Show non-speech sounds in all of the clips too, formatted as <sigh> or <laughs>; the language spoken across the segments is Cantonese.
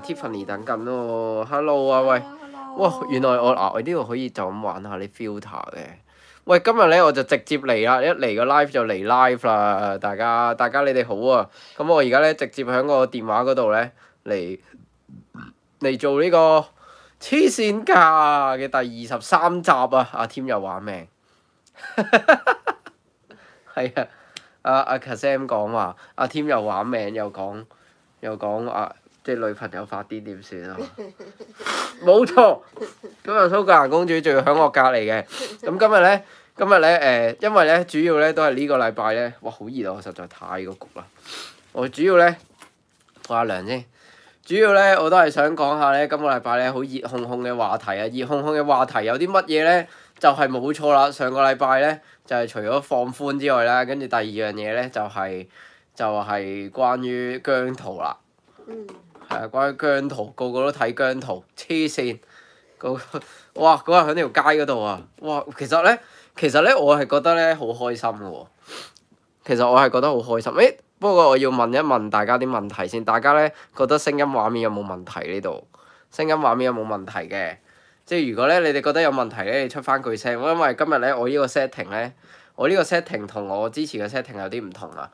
Tiffany 等緊喎，Hello 啊喂，哇 hello 原來我啊我呢度可以就咁玩下啲 filter 嘅。喂，今日咧我就直接嚟啦，一嚟個 live 就嚟 live 啦，大家大家你哋好啊。咁我而家咧直接喺個電話嗰度咧嚟嚟做呢、這個黐線架嘅第二十三集啊。阿、啊、Tim 又玩命，係、 <laughs> <laughs> <laughs> uh, 啊阿阿 Cassam 講話，阿 Tim、啊、又玩命又講又講啊！即係女朋友發癲點算啊！冇 <laughs> 錯，今日蘇格蘭公主仲要喺我隔離嘅。咁今日咧，今日咧誒，因為咧主要咧都係呢個禮拜咧，哇好熱啊！我實在太過焗啦。我主要咧，開下涼先。主要咧，我都係想講下咧，今個禮拜咧好熱烘烘嘅話題啊！熱烘烘嘅話題有啲乜嘢咧？就係、是、冇錯啦。上個禮拜咧，就係、是、除咗放寬之外啦，跟住第二樣嘢咧就係、是、就係、是、關於姜濤啦。嗯係啊，關於姜濤，個個都睇姜濤，黐線。個，個哇，嗰日喺條街嗰度啊，哇！其實咧，其實咧，我係覺得咧好開心嘅喎。其實我係覺得好開，開心。誒，不過我要問一問大家啲問題先。大家咧覺得聲音畫面有冇問題呢度？聲音畫面有冇問題嘅？即係如果咧你哋覺得有問題咧，你出翻句聲。因為今日咧我個呢個 setting 咧。我呢個 setting 同我之前嘅 setting 有啲唔同啦，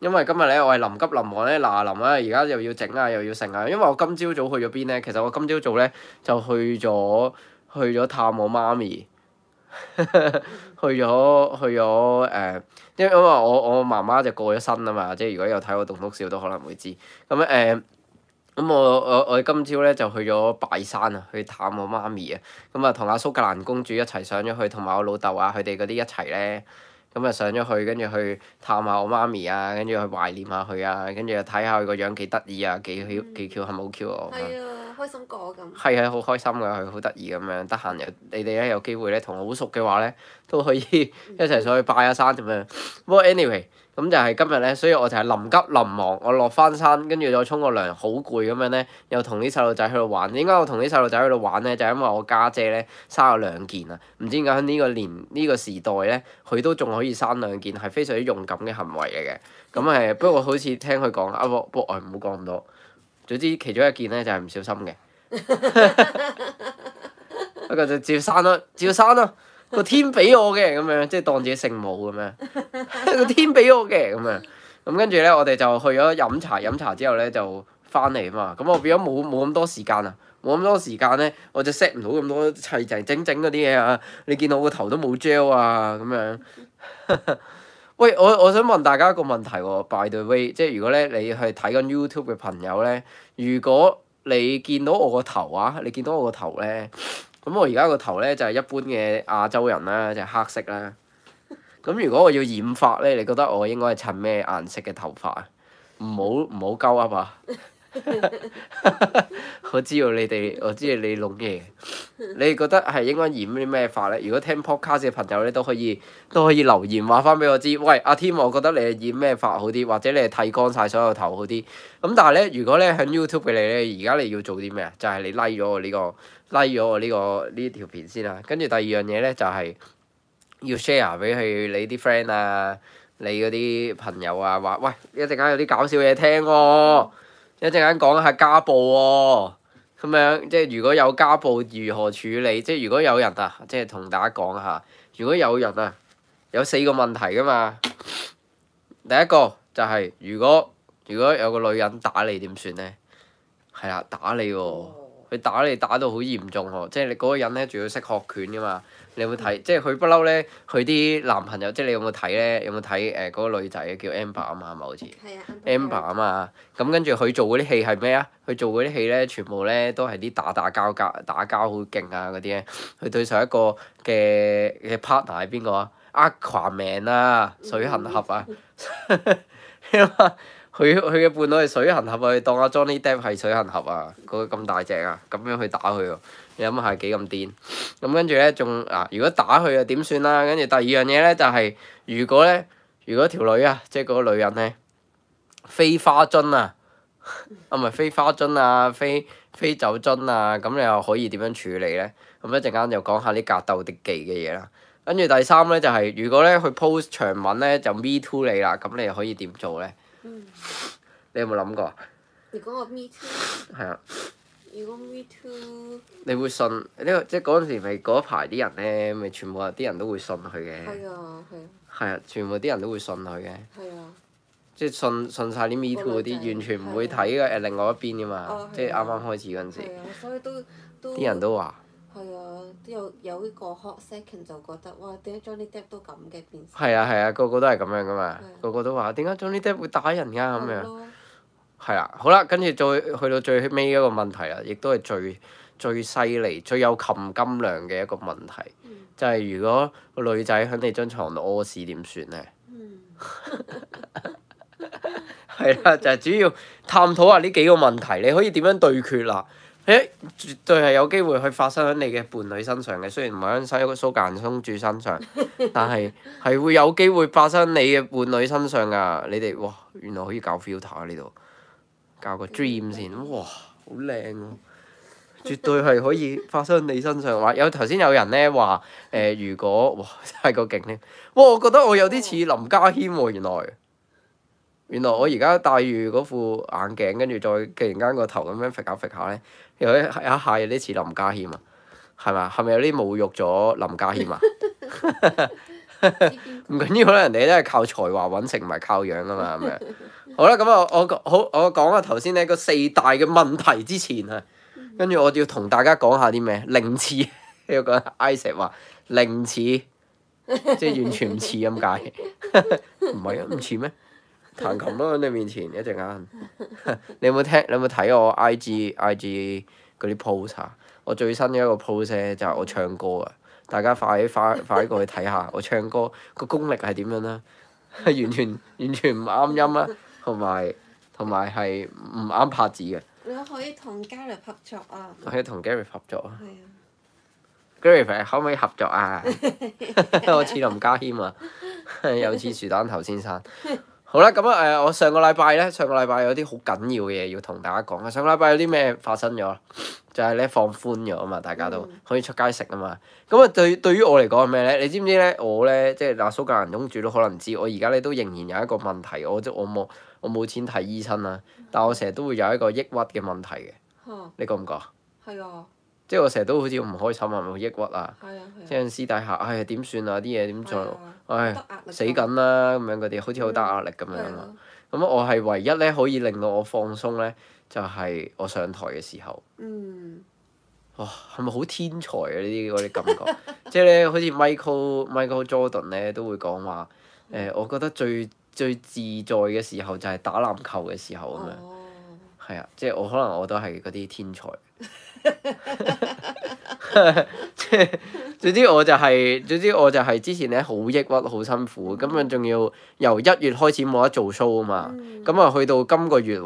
因為今日咧我係臨急臨忙咧嗱臨啦，而家又，、啊、又要整啊又要剩啊，因為我今朝早去咗邊咧？其實我今朝早咧就去咗去咗探我媽咪， <laughs> 去咗去咗誒，因為因為我我媽媽就過咗身啊嘛，即係如果有睇我棟篤笑都可能會知，咁、嗯、誒。呃咁我我我今朝咧就去咗拜山啊，去探我媽咪啊。咁啊，同阿蘇格蘭公主一齊上咗去，同埋我老豆啊佢哋嗰啲一齊咧。咁啊上咗去，跟住去探下我媽咪啊，跟住去懷念下佢啊，跟住又睇下佢個樣幾得意啊，幾 Q 幾 Q 係咪好 Q 啊？係啊，、嗯、啊，啊，開心過咁。係啊，好開心㗎、啊，佢好得意咁樣，得閒又你哋咧有機會咧同我好熟嘅話咧，都可以、嗯、一齊上去拜下山咁樣。不過 anyway。咁就係今日咧，所以我就係臨急臨忙，我落翻山，跟住再沖個涼，好攰咁樣咧，又同啲細路仔去度玩。點解我同啲細路仔去度玩咧？就係、因為我家姐咧生咗兩件啊！唔知點解喺呢個年呢、呢個時代咧，佢都仲可以生兩件，係非常之勇敢嘅行為嚟嘅。咁係，不過，好、啊、不過我好似聽佢講啊，不過不過我哋唔好講咁多。總之其中一件咧就係、係、唔小心嘅， <laughs> 不過就照生啦，照生啦。個天俾我嘅咁樣，即係當自己聖母咁樣。個 <laughs> 天俾我嘅咁樣。咁跟住咧，我哋就去咗飲茶。飲茶之後咧，就翻嚟啊嘛。咁我變咗冇冇咁多時間啊，冇咁多時間咧，我就 set 唔到咁多砌就整整齊齊整整嗰啲嘢啊。你見到我個頭都冇 gel 啊咁樣。 <laughs> 喂，我我想問大家一個問題喎、哦。By the way，即係如果咧你去睇緊 YouTube 嘅朋友咧，如果你見到我個頭啊，你見到我個頭咧？咁我而家個頭咧就係一般嘅亞洲人啦，就係黑色啦。咁如果我要染髮咧，你覺得我應該係襯咩顏色嘅頭髮啊？唔好唔好鳩噏啊嘛～ <laughs> 我知道你哋，我知道你弄嘢。你哋覺得係應該染啲咩髮咧？如果聽 podcast 嘅朋友咧，都可以都可以留言話翻俾我知。喂，阿 Tim，我覺得你係染咩髮好啲，或者你剃光晒所有頭好啲？咁但係咧，如果咧喺 YouTube 俾你咧，而家你要做啲咩啊？就係你 like 咗我呢個 like 咗我呢個呢條片先啦。跟住第二樣嘢咧，就係要 share 俾佢你啲 friend 啊，你嗰啲朋友啊，話，喂，一陣間有啲搞笑嘢聽喎。一陣間講下家暴喎、哦，咁樣即係如果有家暴，如何處理？即係如果有人啊，即係同大家講下，如果有人啊，有四個問題噶嘛。第一個就係、是、如果如果有個女人打你點算咧？係啊，打你喎、哦，佢打你打到好嚴重喎、啊，即係你嗰個人咧，仲要識學拳噶嘛？你有冇睇，即係佢不嬲咧，佢啲男朋友，即係你有冇睇咧？有冇睇誒嗰個女仔叫 Amber 啊嘛，好似。係啊。Amber 啊嘛，咁跟住佢做嗰啲戲係咩啊？佢做嗰啲戲咧，全部咧都係啲打打交交，打交好勁啊嗰啲咧。佢對上一個嘅嘅 partner 係邊個啊？Aquaman 啊，水行俠啊。佢佢嘅伴侶係水行俠啊，佢當阿 Johnny Depp 係水行俠啊，嗰個咁大隻啊，咁樣去打佢喎。你諗下係幾咁癲？咁跟住咧，仲、嗯、啊，如果打佢又點算啦？跟住第二樣嘢咧，就係如果咧，如果條女啊，即係嗰個女人咧，飛花樽啊，啊唔係飛花樽啊，飛飛酒樽啊，咁你又可以點樣處理咧？咁一陣間又講下啲格鬥的技嘅嘢啦。跟住第三咧就係、是、如果咧佢 post 長文咧就 me too 你啦，咁你又可以點做咧？嗯、你有冇諗過？如果我 me too，o 係 <laughs> 啊。如果 Me Too，你會信呢個，即係嗰陣時咪嗰一排啲人咧，咪全部啲人都會信佢嘅。係啊，係啊。係啊，全部啲人都會信佢嘅。啊、即係信信晒。啲 Me Too 嗰啲，完全唔會睇嘅另外一邊噶嘛。啊啊、即係啱啱開始嗰陣時、啊。所以都啲人都話。係啊，都有有呢個 hot second 就覺得哇，點解 Johnny Depp 都咁嘅變？係啊係啊，個個都個個都係咁樣噶嘛，個個都話點解 Johnny Depp 會打人㗎、啊、咁樣。係啦，好啦，跟住再去到最尾一個問題啦，亦都係最最犀利、最有含金量嘅一個問題，嗯、就係如果個女仔喺你張床度屙屎點算咧？係啦、嗯， <laughs> 就係、主要探討下呢幾個問題，你可以點樣對決啦？誒，絕對係有機會去發生喺你嘅伴侶身上嘅，雖然唔係喺西蘇格蘭公主身上，但係係會有機會發生你嘅伴侶身上噶。你哋哇，原來可以搞 filter 呢度～搞個 dream 先，哇！好靚喎，絕對係可以發生你身上。話有頭先有人咧話，誒、呃、如果哇，真係個勁咧，哇！我覺得我有啲似林家謙喎、啊，原來，原來我而家戴住嗰副眼鏡，跟住再突然間個頭咁樣揈下揈下咧，有一下有啲似林家謙啊，係咪啊？係咪有啲侮辱咗林家謙啊？唔 <laughs> <laughs> <laughs> 緊要啦，人哋都係靠才華揾食，唔係靠樣啊嘛，係咪？好啦，咁我我講下頭先咧個四大嘅問題之前啊，跟住、嗯、我要同大家講下啲咩零似，呢個 Isaac 話零似，即係完全唔似咁解，唔係啊，唔似咩彈琴咯，喺你面前一隻眼， <laughs> 你有冇聽？你有冇睇我 I G I G 嗰啲 post 啊？我最新嘅一個 post 咧就係我唱歌啊，大家快啲快快啲過去睇下我唱歌、個功力係點樣啦、啊， <laughs> 完全完全唔啱音啦、啊。同埋同埋係唔啱拍子嘅。你可以同 Gary 合作啊！可以同 Gary 合作啊！Gary，r 可唔可以合作啊？ <laughs> <laughs> 我似林家謙啊，又 <laughs> 似薯蛋頭先生。 <laughs> 好啦，咁啊、呃、我上個禮拜咧，上個禮拜有啲好緊要嘅嘢要同大家講。上個禮拜有啲咩發生咗？就係、是、咧放寬咗啊嘛，嗯、大家都可以出街食啊嘛。咁啊對對於我嚟講係咩咧？你知唔知咧？我咧即係嗱，蘇格蘭公主都可能知。我而家咧都仍然有一個問題，我即我冇。我冇錢睇醫生啦，但我成日都會有一個抑鬱嘅問題嘅。呵你覺唔覺啊？的即係我成日都好似好唔開心啊，好抑鬱啊。即係私底下，唉、哎，點算啊？啲嘢點做？唉的，死緊啦！咁樣嗰啲好似好大壓力咁樣啊。咁、嗯、我係唯一咧可以令到我放鬆咧，就係、是、我上台嘅時候。嗯。哇、哦！係咪好天才啊？呢啲嗰啲感覺， <laughs> 即係咧，好似 Michael Michael Jordan 咧都會講話。誒、呃呃，我覺得最。最自在嘅時候就係、是、打籃球嘅時候咁樣，係啊、oh.，即係我可能我都係嗰啲天才，即 <laughs> 係 <laughs> 總之我就係、是、總之我就係之前咧好抑鬱，好辛苦，咁樣仲要由一月開始冇得做 show 啊嘛，咁啊去到今個月喎，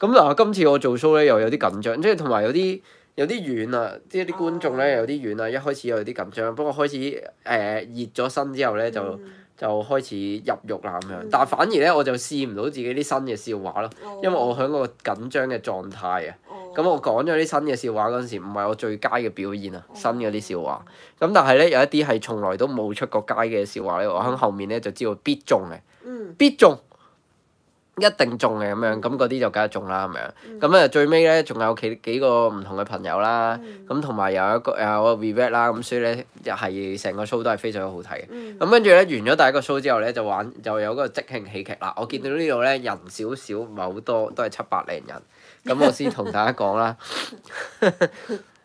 咁、嗯、嗱今次我做 show 咧又有啲緊張，即係同埋有啲有啲遠啊，即係啲觀眾咧有啲遠啊，一開始有啲緊張，不過開始誒、呃、熱咗身之後咧、mm hmm. 就。就開始入獄啦咁樣，但係反而咧，我就試唔到自己啲新嘅笑話咯，因為我喺個緊張嘅狀態啊，咁我講咗啲新嘅笑話嗰陣時，唔係我最佳嘅表現啊，新嗰啲笑話，咁但係咧有一啲係從來都冇出過街嘅笑話咧，我喺後面咧就知道必中嘅，必中。一定中嘅咁樣，咁嗰啲就梗係中啦咁樣。咁啊、嗯、最尾咧，仲有幾幾個唔同嘅朋友啦，咁同埋有一個有一個，個 reveal 啦，咁所以咧又係成個 show 都係非常之好睇嘅。咁、嗯、跟住咧完咗第一個 show 之後咧，就玩就有個即興喜劇啦。嗯、我見到呢度咧人少少，唔係好多，都係七百零人。咁、嗯、我先同大家講啦， <laughs>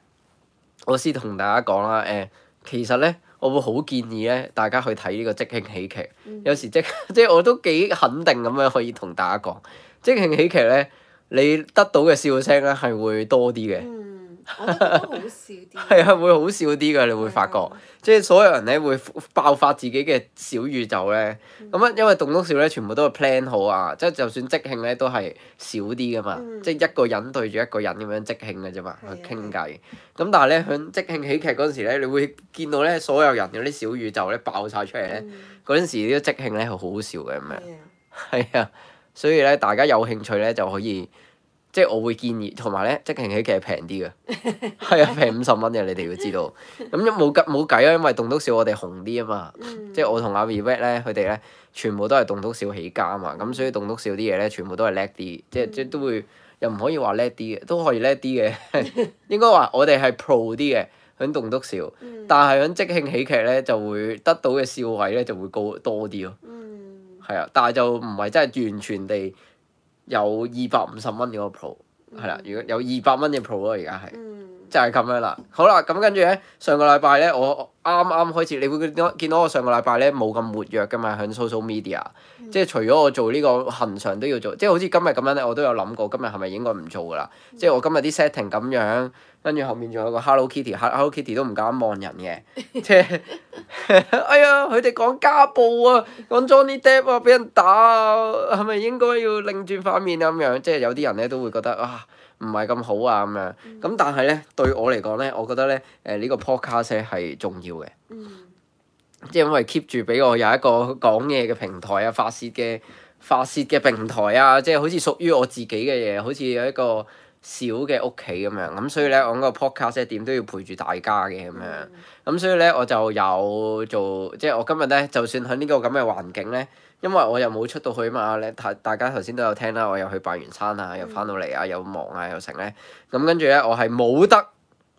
<laughs> 我先同大家講啦，誒、呃，其實咧。我會好建議咧，大家去睇呢個即興喜劇。有時即、即我都幾肯定咁樣可以同大家講，即興喜劇咧，你得到嘅笑聲咧係會多啲嘅。我係 <laughs> 啊，會好笑啲噶，你會發覺，即係的所有人咧會爆發自己嘅小宇宙咧。咁啊、嗯，因為棟篤笑咧，全部都係 plan 好啊，即係就算即興咧，都係少啲噶嘛。嗯、即係一個人對住一個人咁樣即興嘅啫嘛，的去傾偈。咁但係咧，喺即興喜劇嗰陣時咧，你會見到咧所有人嗰啲小宇宙咧爆晒出嚟咧。嗰陣、嗯、時啲即興咧係好好笑嘅咁樣，係啊，所以咧大家有興趣咧就可以。即係我會建議，同埋咧即興喜劇係平啲嘅，係啊平五十蚊嘅，你哋要知道。咁一冇計冇計啊，因為棟篤笑我哋紅啲啊嘛。即係我同阿 Revex 咧，佢哋咧全部都係棟篤笑起家啊嘛。咁所以棟篤笑啲嘢咧，全部都係叻啲，即係即都會又唔可以話叻啲嘅，都可以叻啲嘅。 <laughs> 應該話我哋係 pro 啲嘅喺棟篤笑，但係喺即興喜劇咧就會得到嘅笑位咧就會高多啲咯。嗯，係啊，但係就唔係真係完全地。有二百五十蚊嘅嗰個 Pro 係啦，嗯，如果有二百蚊嘅 Pro 咯，啊，而家係。嗯就係咁樣啦，好啦，咁跟住咧，上個禮拜咧，我啱啱開始，你會見到我上個禮拜咧冇咁活躍㗎嘛，響 social media，即係除咗我做呢個恆常都要做，即係好似今日咁樣咧，我都有諗過今日係咪應該唔做㗎喇，嗯、即係我今日啲 setting 咁樣，跟住後面仲有個 Hello Kitty，Hello <laughs> Kitty 都唔夠膽望人嘅， <laughs> 即係哎呀，佢哋講家暴啊，講 Johnny Depp 啊，俾人打啊，係咪應該要擰轉塊面啊咁樣，即係有啲人咧都會覺得啊。唔係咁好啊咁樣，咁、嗯、但係咧對我嚟講咧，我覺得咧誒呢、呃這個 podcast 咧係重要嘅，即係、嗯、因為 keep 住俾我有一個講嘢嘅平台啊，發泄嘅發泄嘅平台啊，即、就、係、是、好似屬於我自己嘅嘢，好似有一個小嘅屋企咁樣，咁所以咧我個 podcast 咧點都要陪住大家嘅咁樣，咁、嗯、所以咧我就有做，即係我今日咧就算喺呢個咁嘅環境咧。因為我又冇出到去嘛咧，大家頭先都有聽啦，我又去拜完山啊，又翻到嚟啊，又忙啊，又剩咧。咁跟住咧，我係冇得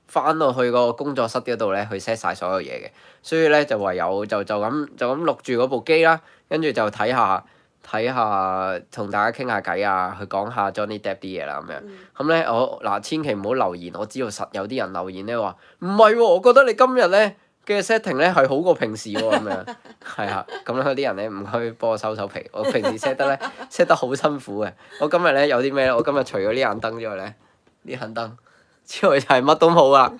翻到去個工作室嗰度咧，去 set 晒所有嘢嘅。所以咧，就唯有就就咁就咁錄住嗰部機啦。跟住就睇下睇下，同大家傾下偈啊，去講下 Johnny Depp 啲嘢啦咁樣。咁咧、嗯，我嗱，千祈唔好留言。我知道實有啲人留言咧話唔係喎，我覺得你今日咧。跟住 setting 咧係好過平時喎，咁樣係啊，咁咧啲人咧唔可以幫我收手皮，我平時 set 得咧 set 得好辛苦嘅。我今日咧有啲咩咧？我今日除咗呢盞燈之外咧，呢盞燈之外就係乜都冇啦。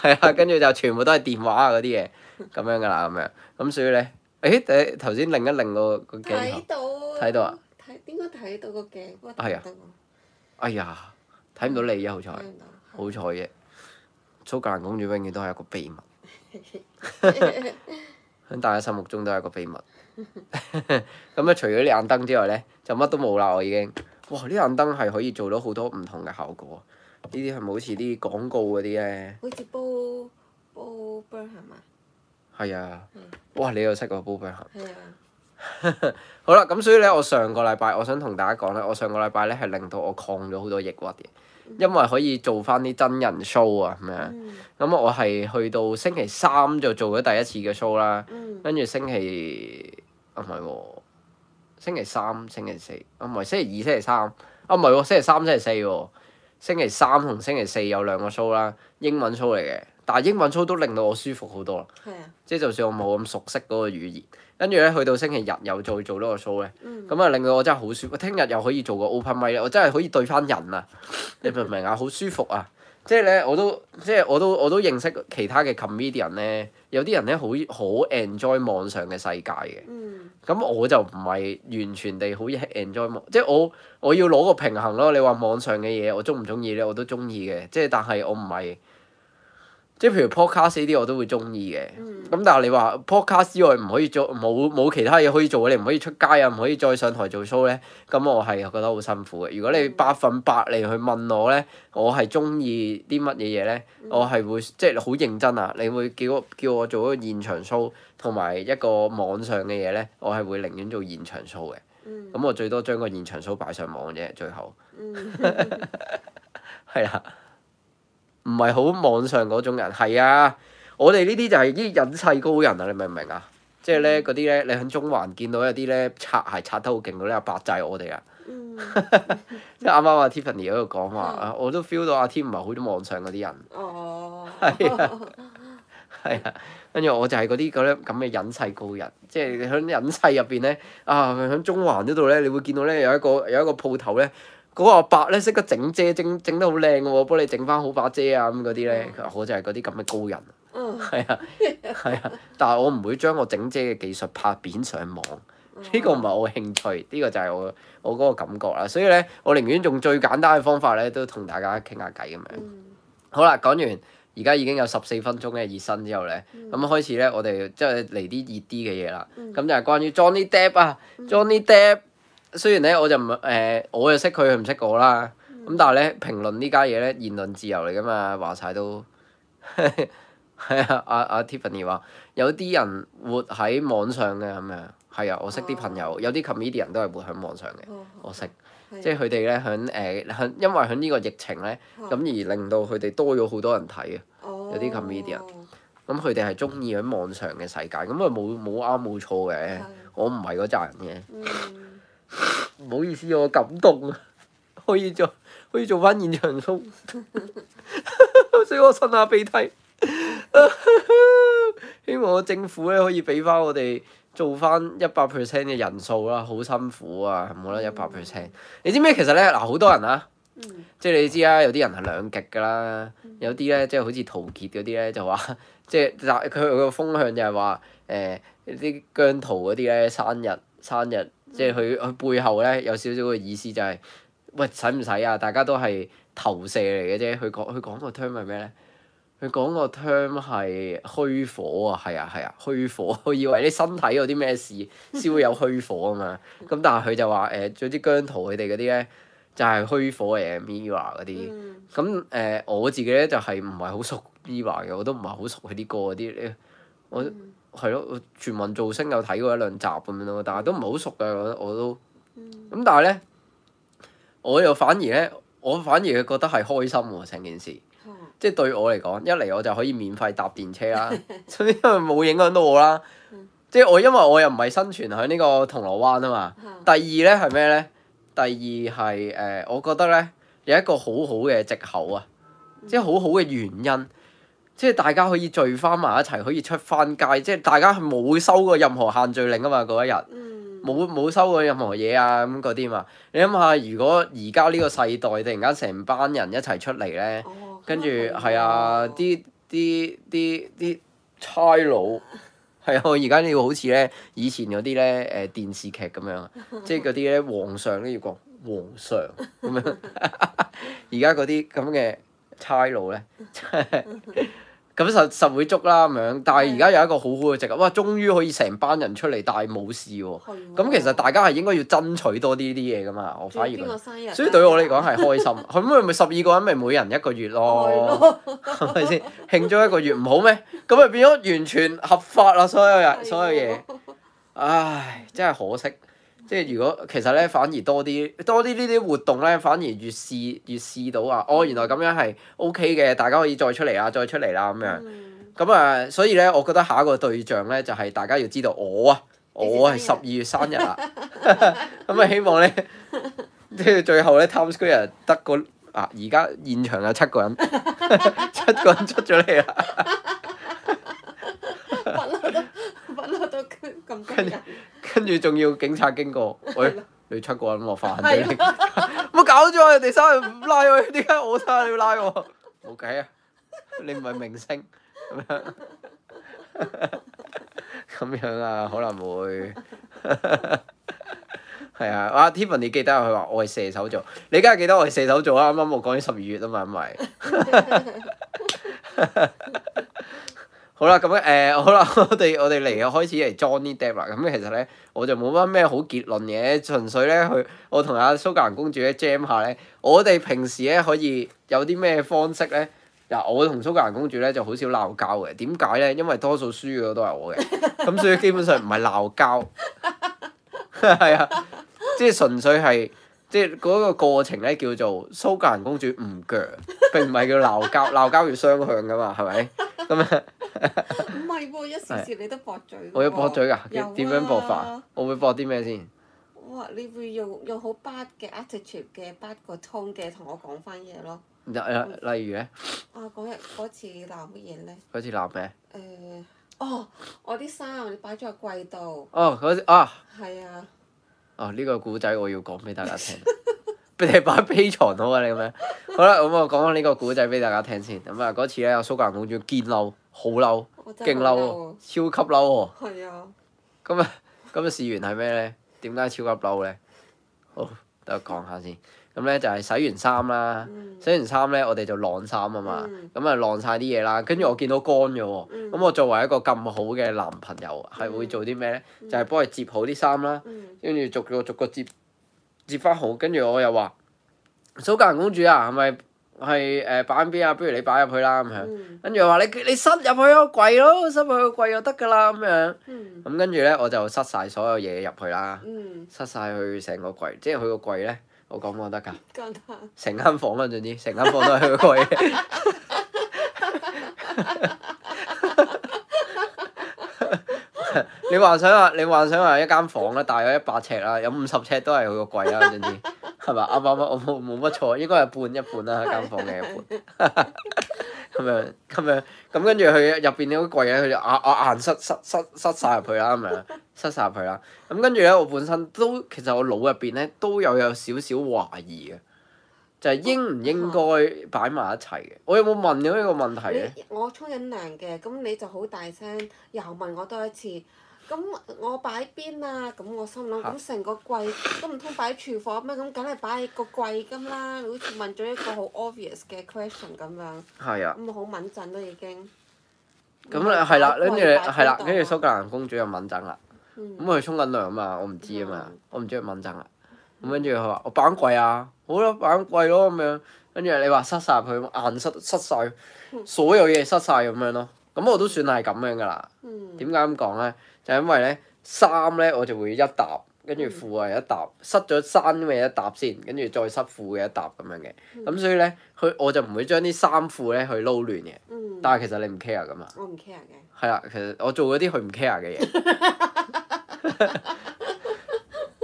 係啊，跟住就全部都係電話啊嗰啲嘢咁樣噶啦，咁樣咁所以咧，誒、哎、你頭先擰一擰個鏡頭啊，睇到啊，睇點解睇到，到個鏡，我睇哎呀，睇、哎、唔到你啊！好彩，好彩啫。蘇格蘭公主永遠都係一個秘密。 <laughs> 喺 <laughs> 大家心目中都係一個秘密。咁 <laughs> 咧、嗯，除咗呢眼燈之外咧，就乜都冇啦。我已經，哇！呢眼燈係可以做到好多唔同嘅效果。呢啲係咪好似啲廣告嗰啲咧？好似煲，煲，boo burn 係嘛？係啊。啊嗯、哇！你又識個煲，boo burn？係啊。 <laughs> 好啦，咁所以咧，我上個禮拜我想同大家講咧，我上個禮拜咧係令到我抗咗好多抑鬱嘅。因為可以做翻啲真人 show 啊，咁樣、嗯，咁、嗯、我係去到星期三就做咗第一次嘅 show 啦、嗯，跟住星期，唔係喎，星期三、星期四，啊，唔係星期二、星期三，啊唔係喎，星期三、星期四喎，星期三同、啊、星，星期四有兩個 show 啦，英文 show 嚟嘅，但係英文 show 都令到我舒服好多，係啊，即係就算我冇咁熟悉嗰個語言。跟住咧，去到星期日又再做多個 show 咧，咁啊令到我真係好舒服。聽日又可以做個 open mic 咧，我真係可以對翻人啊！你明唔明啊？好舒服啊！即係咧，我都即係我都我都認識其他嘅 comedian 咧，有啲人咧好好 enjoy 網上嘅世界嘅，咁我就唔係完全地好 enjoy 網，即係我我要攞個平衡咯。你話網上嘅嘢我中唔中意咧？我都中意嘅，即係但係我唔係。即係譬如 podcast 呢啲我都會中意嘅，咁、嗯、但係你話 podcast 之外唔可以做，冇冇其他嘢可以做，你唔可以出街啊，唔可以再上台做 show 咧，咁我係覺得好辛苦嘅。如果你百分百嚟去問我咧，我係中意啲乜嘢嘢咧？嗯、我係會即係好認真啊！你會叫我叫我做一個現場 show 同埋一個網上嘅嘢咧，我係會寧願做現場 show 嘅。咁、嗯、我最多將個現場 show 擺上網啫，最後。係啦、嗯。 <laughs> <laughs> 唔係好網上嗰種人，係啊！我哋呢啲就係啲隱世高人啊！你明唔明啊？即係咧嗰啲咧，你喺中環見到有啲咧擦鞋擦得好勁嗰啲阿伯仔，我 <laughs> 哋、嗯嗯、 <laughs> 啊！即係啱啱阿 Tiffany 喺度講話，嗯、我都 feel 到阿 Tim 唔係好啲網上嗰啲人。哦。係啊的，係啊， <laughs> 跟住我就係嗰啲嗰啲咁嘅隱世高人，即係你喺隱世入邊咧啊！喺中環嗰度咧，你會見到咧有一個有一個鋪頭咧。嗰個阿伯咧識得整遮，整整得好靚喎，幫你整翻好把遮啊咁嗰啲咧，佢話我就係嗰啲咁嘅高人，係 <laughs> 啊係啊，但係我唔會將我整遮嘅技術拍片上網，呢、呢個唔係我興趣，呢、呢個就係我我嗰個感覺啦。所以咧，我寧願用最簡單嘅方法咧，都同大家傾下偈咁樣。嗯、好啦，講完而家已經有十四分鐘嘅熱身之後咧，咁、嗯、開始咧，我哋即係嚟啲熱啲嘅嘢啦。咁、嗯、就係關於 John De、啊嗯、Johnny Depp 啊，Johnny Depp。雖然咧、呃，我就唔誒，我就識佢，佢唔識我啦。咁但係咧，評論呢家嘢咧，言論自由嚟噶嘛，話晒都係 <laughs> 啊。阿、啊、阿、啊、Tiffany 話，有啲人活喺網上嘅咁樣，係啊，我識啲朋友，有啲 comedian 都係活喺網上嘅，我識，哦哦、即係佢哋咧響誒響，因為響呢個疫情咧，咁、哦、而令到佢哋多咗好多人睇啊。有啲 comedian 咁佢哋係中意喺網上嘅世界，咁佢冇冇啱冇錯嘅，哦、我唔係嗰扎人嘅。嗯唔 <laughs> 好意思，我感動啊！ <laughs> 可以做 <laughs> <laughs> <laughs> 可以做翻現場 show，所以我伸下鼻涕。希望個政府咧可以俾翻我哋做翻一百 percent 嘅人數啦，好 <laughs> 辛苦啊！冇啦，一百 percent。嗯、你知唔知其實咧嗱，好多人啊，嗯、即係你知啊，有啲人係兩極噶啦，有啲咧即係好似陶傑嗰啲咧就話，即係但佢佢個風向就係話誒啲姜濤嗰啲咧生日生日。生日即係佢佢背後咧有少少嘅意思就係、是、喂使唔使啊？大家都係投射嚟嘅啫。佢講，佢講個 term 係咩咧？佢講個 term 係虛火啊，係啊係啊，虛火。佢 <laughs> 以為你身體有啲咩事先會有虛火啊嘛。咁 <laughs> 但係，佢就話誒，總之姜濤佢哋嗰啲咧就係、是、虛火嚟嘅，Mirror 嗰啲。咁誒、嗯呃、我自己咧就係唔係好熟 Mirror 嘅，我都唔係好熟佢啲歌嗰啲咧。我。我嗯係咯，全民造星有睇過一兩集咁樣咯，但係都唔係好熟嘅，我我都。咁、嗯、但係咧，我又反而咧，我反而佢覺得係開心喎，成件事。嗯、即係對我嚟講，一嚟我就可以免費搭電車啦， <laughs> 因為冇影響到我啦。即係我因為我又唔係生存喺呢個銅鑼灣啊嘛。第二咧係咩咧？第二係誒、呃，我覺得咧有一個好好嘅藉口啊，嗯、即係好好嘅原因。即係大家可以聚翻埋一齊，可以出翻街。即係大家冇收過任何限聚令啊嘛，嗰一日冇冇收過任何嘢啊，咁嗰啲嘛。你諗下，如果而家呢個世代突然間成班人一齊出嚟咧，跟住係啊，啲啲啲啲差佬係啊，我而家呢個好似咧以前嗰啲咧誒電視劇咁樣，哦、即係嗰啲咧皇上都要講皇上咁樣。而家嗰啲咁嘅差佬咧。 <laughs> 咁實實會捉啦咁樣，但係而家有一個好好嘅藉口，哇！終於可以成班人出嚟，但係冇事喎。咁的其實大家係應該要爭取多啲啲嘢噶嘛，我反而覺得，所以對我嚟講係開心。咁佢咪十二個人咪每人一個月咯，係咪先慶祝一個月唔好咩？咁咪變咗完全合法啦！所有人的所有嘢，唉，真係可惜。即係如果其實咧，反而多啲多啲呢啲活動咧，反而越試越試到啊！哦，原來咁樣係 OK 嘅，大家可以再出嚟啊，再出嚟啦咁樣。咁啊、嗯嗯，所以咧，我覺得下一個對象咧，就係、是、大家要知道我啊，我係十二月生日啊。咁啊、 <laughs> <laughs> 嗯，希望咧，即係最後咧，Times Square 得個啊，而家現場有七個人， <laughs> 七個人出咗嚟啦。跟住仲要警察經過，喂、哎，是的 你七個是的 <laughs> 人落飯啫，冇搞錯啊！哋生日唔拉我，點解我生日要拉我？冇計啊，你唔係明星，咁樣，咁樣啊可能、啊、會，係 <laughs> 啊， <laughs> 啊 Tiffany 你記得啊，佢話我係射手座，你梗係記得我係射手座啊。啱啱我講咗十二月啊嘛，唔係。 <laughs> <laughs> 好啦，咁樣誒，好啦，我哋我哋嚟又開始嚟裝啲 data 啦。咁、嗯、其實咧，我就冇乜咩好結論嘅，純粹咧去我同阿蘇格蘭公主咧 jam 下咧。我哋平時咧可以有啲咩方式咧？嗱、啊，我同蘇格蘭公主咧就好少鬧交嘅。點解咧？因為多數輸嘅都係我嘅，咁所以基本上唔係鬧交，係 <laughs> <laughs> 啊，即係純粹係。即係嗰個過程咧，叫做蘇格蘭公主唔強，並唔係叫鬧交，鬧交要雙向噶嘛，係咪？咁啊，唔係喎，一時時你都駁嘴、哦。我要駁嘴㗎，點點、啊、樣駁法？啊、我會駁啲咩先？哇！你會用用好 bad 嘅，attitude 嘅，bad 個 tone 嘅，同我講翻嘢咯。例如咧，啊，嗰日嗰次鬧乜嘢咧？嗰次鬧咩？誒，哦，我啲衫你擺咗喺櫃度。哦、oh，嗰次啊。係啊。哦，呢、這個古仔我要講俾大家聽，俾 <laughs> 你擺喺悲牀度啊！你咁樣， <laughs> 好啦，咁我講返呢個古仔俾大家聽先。咁啊，嗰次咧，有蘇格蘭公主堅嬲，好嬲，勁嬲喎，超級嬲喎。係、哦哦、啊。咁啊，咁啊，事緣係咩咧？點解超級嬲咧？好，等我講下先。咁咧就係洗完衫啦，洗完衫咧我哋就晾衫啊嘛，咁啊晾晒啲嘢啦，跟住我見到乾咗喎，咁我作為一個咁好嘅男朋友係會做啲咩咧？就係幫佢摺好啲衫啦，跟住逐個逐個摺摺翻好，跟住我又話蘇格蘭公主啊，係咪係誒擺喺邊啊？不如你擺入去啦咁樣，跟住我話你你塞入去個櫃咯，塞入去個櫃就得㗎啦咁樣，咁跟住咧我就塞晒所有嘢入去啦，塞晒去成個櫃，即係佢個櫃咧。我講冇得噶成間房啦，啊，總之成間房都係嗰個嘢。你幻想下，你幻想下一間房咧，大約一百尺啦，有五十尺都係佢個櫃啦， <laughs> 真啲，係咪？啱唔啱？我冇冇乜錯，應該係半一半啦，一間房嘅一半。咁樣咁樣，咁、嗯嗯嗯嗯、跟住佢入邊啲個櫃咧，佢就硬、啊、硬、啊、塞塞塞塞晒入去啦，咁樣塞晒入去啦。咁、嗯、跟住咧，我本身都其實我腦入邊咧都有有少少懷疑嘅，就係、是、應唔應該擺埋一齊嘅？我有冇問咗呢個問題咧？我沖緊涼嘅，咁你就好大聲又問我多一次。咁、嗯、我擺邊、嗯、啊？咁我心諗咁成個櫃，咁唔通擺喺廚房咩？咁梗係擺喺個櫃咁啦。好似問咗一個好 obvious 嘅 question 咁樣。係、嗯嗯、啊。咁咪好掹憎咯已經。咁啊係啦，跟住係啦，跟住蘇格蘭公主又掹憎啦。嗯。咁佢沖緊涼嘛？我唔知啊嘛，嗯、我唔知意掹憎啦。咁跟住佢話：我擺喺櫃啊，好啦，擺喺櫃咯咁樣。跟住你話塞晒佢，硬塞，塞晒，所有嘢塞晒咁樣咯。咁我都算係咁樣噶啦。嗯。點解咁講咧？就因為咧，衫咧我就會一沓跟住褲係一沓塞咗衫咁嘅一沓先，跟住再塞褲嘅一沓。咁樣嘅。咁所以咧，佢我就唔會將啲衫褲咧去撈亂嘅。嗯、但係其實你唔 care 噶嘛，我唔 care 嘅。係啦，其實我做嗰啲佢唔 care 嘅嘢。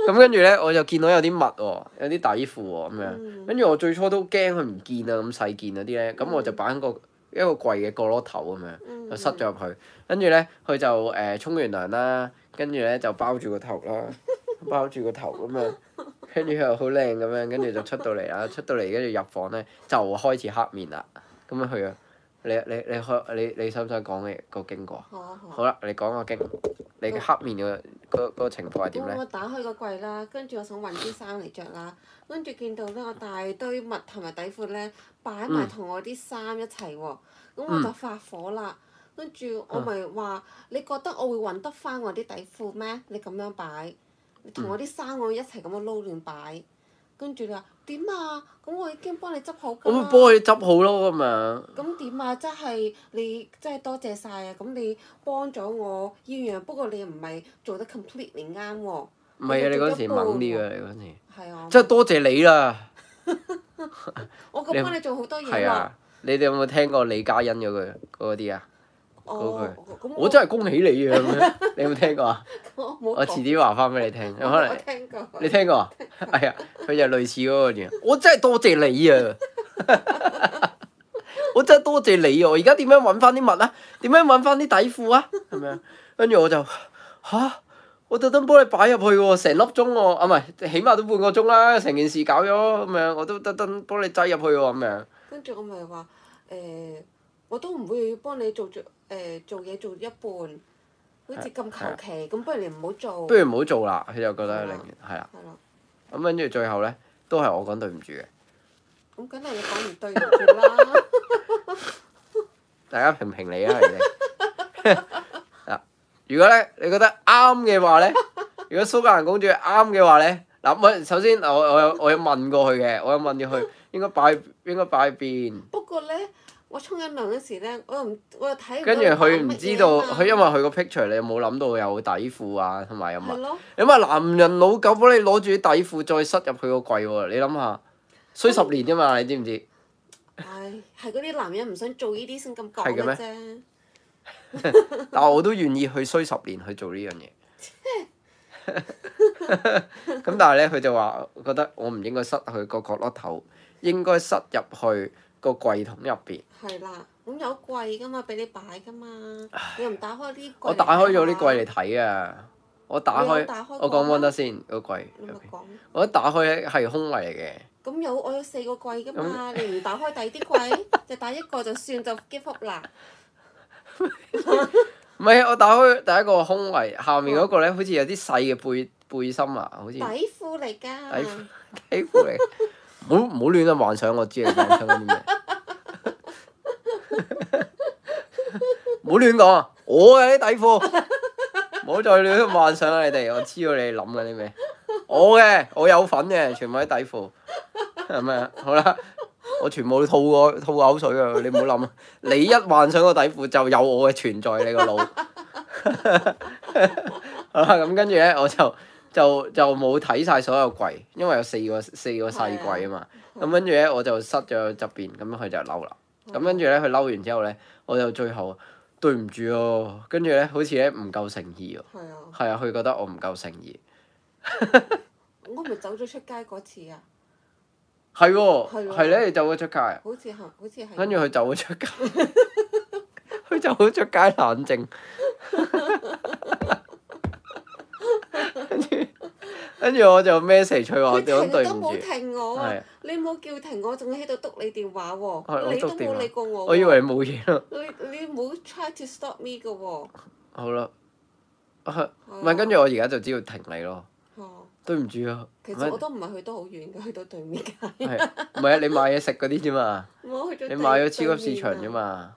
咁 <laughs> <laughs> 跟住咧，我就見到有啲襪喎，有啲底褲喎咁樣。嗯、跟住我最初都驚佢唔見啊，咁細件嗰啲咧，咁我就擺喺個。嗯一個櫃嘅角落頭咁樣，嗯、就塞咗入去。跟住咧，佢就誒沖完涼啦，跟住咧就包住個頭啦， <laughs> 包住個頭咁樣。跟住佢又好靚咁樣，跟住就出到嚟啦。出到嚟跟住入房咧就開始黑面啦。咁樣去啊，你你你可你你,你,你,你想唔想講嘅個經過啊？好,啊好啦，你講個經，你嘅黑面個嗰嗰個情況係點咧？我打開個櫃啦，跟住我想揾啲衫嚟著啦，跟住見到一個大堆襪同埋底褲咧。擺埋同我啲衫一齊喎、哦，咁、嗯、我就發火啦。跟住、嗯、我咪話：嗯、你覺得我會揾得翻我啲底褲咩？你咁樣擺，同、嗯、我啲衫我一齊咁樣撈亂擺。跟住你話點啊？咁我已經幫你執好、啊嗯。我幫你執好咯咁、啊、樣、啊。咁是點啊？即係你真係多謝晒啊！咁你幫咗我，依樣不過你又唔係做得 completely 啱喎。唔係啊！你嗰時猛啲啊！你嗰時。係啊。真係多謝，謝你啦。 <laughs> <laughs> <laughs> 我咁幫你做好多嘢啊，啊！你哋有冇聽過李嘉欣嗰句嗰啲啊？嗰、那、句、個，哦嗯、我真係恭喜你啊！ <laughs> 你有冇聽過啊？ <laughs> 我冇。我遲啲話翻俾你聽。 <laughs> 我聽過。你聽過啊？係、 <laughs> 哎、呀，佢就類似嗰個嘢。 <laughs> 我真係多謝，謝你啊！ <laughs> 我真係多謝，謝你啊！而家點樣揾翻啲襪啊？點樣揾翻啲底褲啊？係咪啊？跟住我就嚇。我特登幫你擺入去喎，成粒鐘喎，啊唔係，起碼都半個鐘啦、啊，成件事搞咗咁樣，我都特登幫你擠入去喎咁樣。跟住我咪話誒，我都唔會幫你做做誒、呃、做嘢做一半，好似咁求其，咁、啊啊、不如你唔好做。不如唔好做啦，佢就覺得寧願係啦。咁跟住最後咧，都係我講對唔住嘅。咁梗係你講唔對唔住啦。 <laughs> <laughs> 大家評評理啊，你哋。如果咧，你覺得啱嘅話咧，如果蘇格蘭公主啱嘅話咧，嗱，首先我我我有問過佢嘅，我有問過佢應該擺應該擺，擺邊？不過咧，我充音量沖緊涼嗰時咧，我又唔我又睇、啊。跟住佢唔知道，佢因為佢個 picture 你有冇諗到有底褲啊，同埋有冇？有冇的男人老狗幫你攞住啲底褲再塞入佢個櫃喎、啊，你諗下，衰十年啫嘛，嗯、你知唔知？唉、哎，係嗰啲男人唔想做呢啲先咁講嘅啫。啊 <laughs> 但係我都願意去衰十年去做 <laughs> 呢樣嘢。咁但係咧，佢就話覺得我唔應該塞去個角落頭，應該塞入去個櫃桶入邊。係啦，咁有櫃噶嘛，俾你擺噶嘛。你又唔打開呢櫃？我打開咗啲櫃嚟睇啊！我打開，打開我講唔得先個櫃。我一打開係空位嚟嘅。咁有我有四個櫃噶嘛？ <laughs> 你唔打開第啲櫃， <laughs> 就打一個就算就結束啦。 <laughs> <laughs> 唔係啊！我打開第一個胸圍，下面嗰個咧，好似有啲細嘅背背心啊，好似底褲嚟噶，底褲，底褲嚟。唔好唔好亂咁幻想，我知你幻想緊啲咩？唔好亂講啊，我嘅啲底褲，唔好再亂咁幻想啦！你哋，我知道你諗緊啲咩？我嘅，我有份嘅，全部喺底褲，係咪啊？好啦。我全部都吐過吐口水啊！你唔好諗啊！你一幻想底褲個底褲就有我嘅存在，你個腦，好啦。咁跟住咧，我就就就冇睇晒所有櫃，因為有四個四個細櫃啊嘛。咁對、嗯、跟住咧，我就塞咗入側邊，咁佢就嬲啦。咁的跟住咧，佢嬲完之後咧，我就最後對唔住喎。跟住咧，好似咧唔夠誠意喎。哦、啊。係啊，佢覺得我唔夠誠意。 <laughs> 嗯、我咪走咗出街嗰次啊！係喎，係咧，走咗、哦嗯、出街。好似係， <laughs> 好似係。跟住佢走咗出街，佢走咗出街冷靜。 <laughs> 跟住，跟住我就 message 佢話，我點對唔住？你冇停我啊！對 你冇叫停我，仲喺度篤你電話喎、啊！你都冇理過我、啊。我以為冇嘢咯。你你冇 try to stop me 嘅喎。好啦，唔係跟住我而家就知道停你咯。對唔住啊！其實我都唔係去得好遠嘅，咩？去到對面嘅 <laughs> 啊。唔係啊？你買嘢食嗰啲啫嘛。你買咗超級市場啫嘛。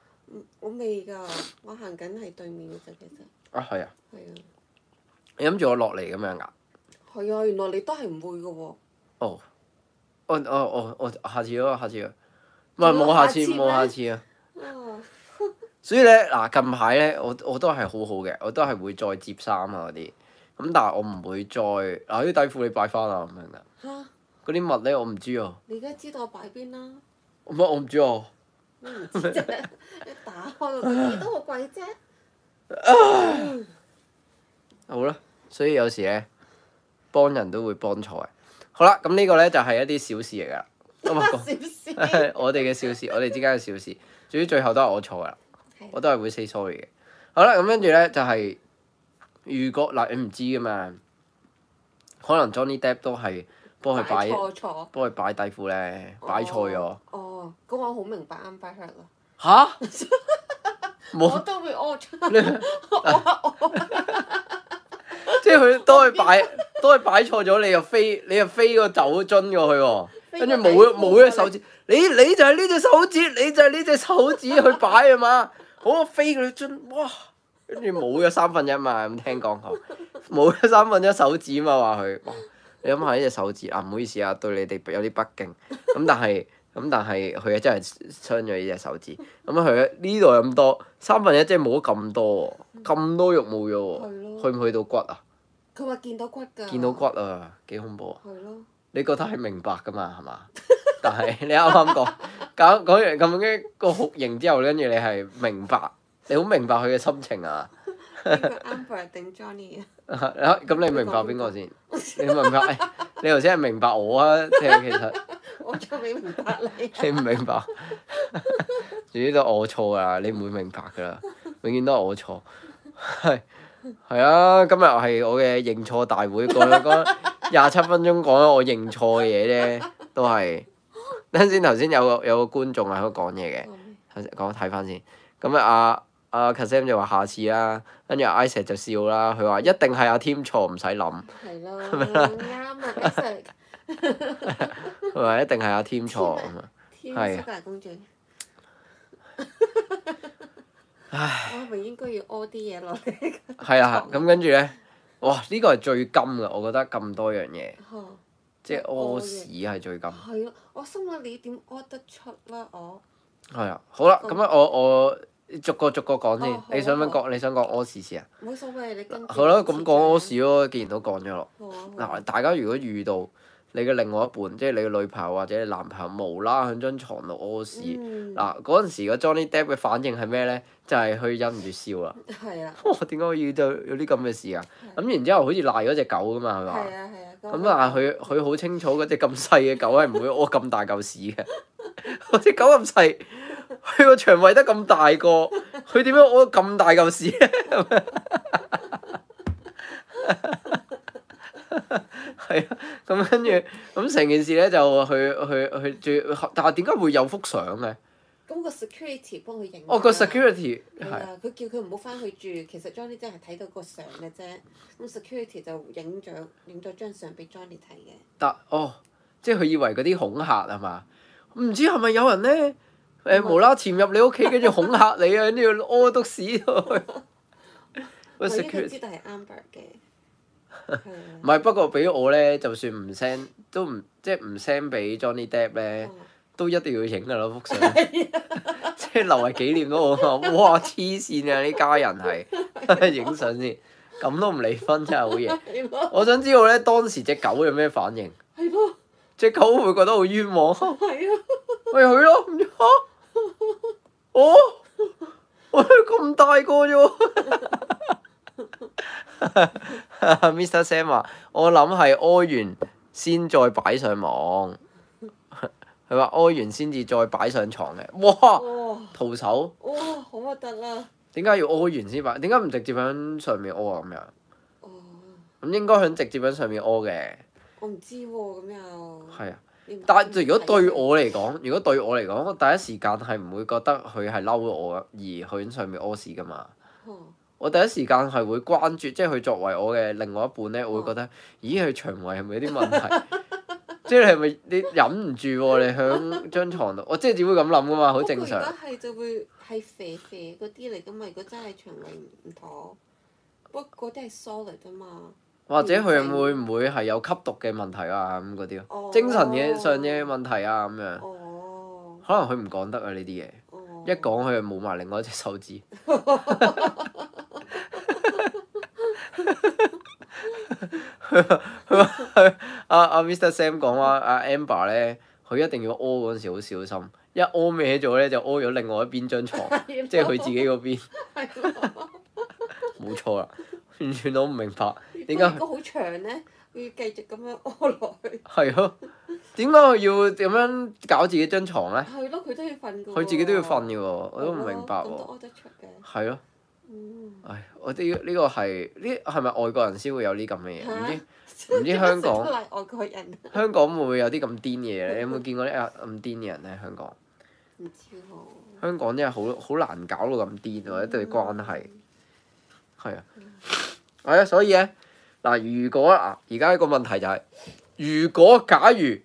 我未㗎，我行緊係對面嘅啫，其實。啊，係啊。係啊。啊你諗住我落嚟咁樣㗎？係啊，原來你都係唔會嘅喎、啊哦。哦。我、我、我、下次咯，下次。唔係冇下次，冇下次啊！所以咧，嗱近排咧，我我都係好好嘅，我都係會再接衫啊嗰啲。咁但係我唔會再，嗱，啲底褲，你擺翻啊，咁樣嘅嗰啲物咧，我唔知喎。你而家知道我擺邊啦？我唔知喎，咩唔知一 <laughs> <laughs> 打開個幾多個櫃啫。好啦，所以有時咧，幫人都會幫錯嘅。好啦，咁呢個咧就係、是、一啲小事嚟噶啦，小事 <laughs> <laughs> 我哋嘅小事，我哋之間嘅小事。至於最後都係我錯嘅啦 Okay. 我都係會 say sorry 嘅。好啦，咁跟住咧就係、是就是。如果嗱，你唔知噶嘛？可能 Johnny Depp 都係幫佢擺，幫佢擺底褲咧，擺錯咗。哦，咁我好明白啱翻出嚟咯。嚇！我都會屙出嚟，即係佢都係擺，都係擺錯咗，你又飛，你又飛個酒樽過去喎。跟住冇咗冇咗手指，你你就係呢隻手指，你就係呢隻手指去擺啊嘛。好啊，飛佢樽，哇！跟住冇咗三分一嘛，咁聽講過冇咗三分一手指嘛，話佢，你諗下呢隻手指啊，唔好意思啊，對你哋有啲不敬，咁但係咁但係佢啊真係傷咗呢隻手指，咁啊佢呢度咁多三分一，即係冇咗咁多喎，咁多肉冇咗喎，去唔去到骨啊？佢話見到骨㗎，見到骨啊，幾恐怖啊！係咯，你覺得係明白㗎嘛？係嘛？但係你啱啱講講講完咁嘅個酷刑之後，跟住你係明白。你好明白佢嘅心情啊 <laughs> ！咁你明白邊個先？你明白？哎、你頭先係明白我啊，即其實我仲未明白你、啊， <laughs> 你唔明白？總之 <laughs> 都係我錯噶啦，你唔會明白噶啦，永遠都係我錯。係、哎、係啊，今日係我嘅認錯大會，講咗講廿七分鐘講咗我認錯嘅嘢咧，都係啱先頭先有個有個觀眾係度講嘢嘅，講睇翻先。咁啊，啊 Kazem 就話下次啦，跟住 Isaac 就笑啦，佢話一定係阿添錯，唔使諗。係咯。咁啱啊！佢話一定係阿添錯。天啊！世界我係咪應該要屙啲嘢落嚟？係啊，咁跟住咧，哇！呢個係最金噶，我覺得咁多樣嘢，即係屙屎係最金。係啊！我心諗你點屙得出啦我？係啊，好啦，咁咧我我。逐個逐個講先，你想唔想講？你想講屙屎先啊？冇所謂，你。好啦，咁講屙屎咯。既然都講咗咯，嗱，大家如果遇到你嘅另外一半，即係你嘅女朋友或者你男朋友無啦啦響張床度屙屎，嗱嗰陣時個 Johnny Depp 嘅反應係咩咧？就係佢忍唔住笑啦。係哇！點解要做有啲咁嘅事啊？咁然之後好似賴嗰隻狗咁嘛，係嘛？咁但係佢佢好清楚嗰隻咁細嘅狗係唔會屙咁大嚿屎嘅，嗰隻狗咁細。佢個腸胃得咁大個，佢點樣屙咁大嚿屎咧？係 <laughs> 啊，咁跟住咁成件事咧，就去去去住，但係點解會有幅相嘅？咁個 security 幫佢影。哦，個 security 係啊，佢叫佢唔好翻去住，其實 Johnny 真係睇到個相嘅啫。咁 security 就影咗影咗張相俾 Johnny 睇嘅。但哦，即係佢以為嗰啲恐嚇係嘛？唔知係咪有人咧？誒、欸、無啦，潛入你屋企，跟住恐嚇你啊！跟住屙督屎。 <laughs> 我已經知道係 Amber 嘅唔係，不過俾我咧，就算唔 send 都唔即係唔 send 俾 Johnny Depp 咧，都一定要影噶啦嗰幅相，是的 即係留為紀念咯。哇！黐線啊，呢家人係影相先，咁 <laughs> 都唔離婚真係好嘢。是的 我想知道咧，當時隻狗有咩反應？係隻是的 狗會覺得好冤枉。係啊。咪去咯，唔錯。哦，咁大個咋喎，Mr Sam 啊，我諗係屙完先再擺上網，佢話屙完先至再擺上床嘅，哇，哦、徒手，哇、哦，好核突啊！點解要屙完先擺？點解唔直接喺上面屙啊？咁樣，咁、哦、應該響直接喺上面屙嘅，我唔知喎，咁又係啊。但係如果對我嚟講，如果對我嚟講，我第一時間係唔會覺得佢係嬲咗我，而佢上面屙屎噶嘛。哦、我第一時間係會關注，即係佢作為我嘅另外一半咧，我會覺得，哦、咦，佢腸胃係咪有啲問題？ <laughs> 即係你係咪你忍唔住喎、啊？你喺張床度，我即係只會咁諗噶嘛，好正常。如果係就會係肥肥嗰啲嚟噶嘛，如果真係腸胃唔妥，不過嗰啲係疏 o 啫嘛。或者佢會唔會係有吸毒嘅問題啊？咁嗰啲咯，精神嘅上嘅問題啊，咁樣可能佢唔講得啊呢啲嘢，一講佢就冇埋另外一隻手指。阿阿 Mister Sam 講話，阿 Amber 咧，佢一定要屙嗰時好小心，一屙歪咗咧就屙咗另外一邊張床，即係佢自己嗰邊，冇錯啦。完全我唔明白點解佢好長咧，要繼續咁樣屙落去。係 <laughs> 咯。點解要咁樣搞自己張床咧？佢都要瞓佢、哦、自己都要瞓㗎喎，我都唔明白喎、哦。係咯、哦。的嗯、唉，我哋呢、呢個係呢係咪外國人先會有啲咁嘅嘢？唔蛤知唔知香港。 <laughs> <laughs> 香港會唔會有啲咁癲嘅嘢？ <laughs> 你有冇見過啲啊咁癲嘅人喺香港？唔知香港真係好好難搞到咁癲啊！一對關係，係啊、嗯。是的 <laughs> 係啊，所以咧，嗱，如果啊，而家一個問題就係、是，如果假如有一日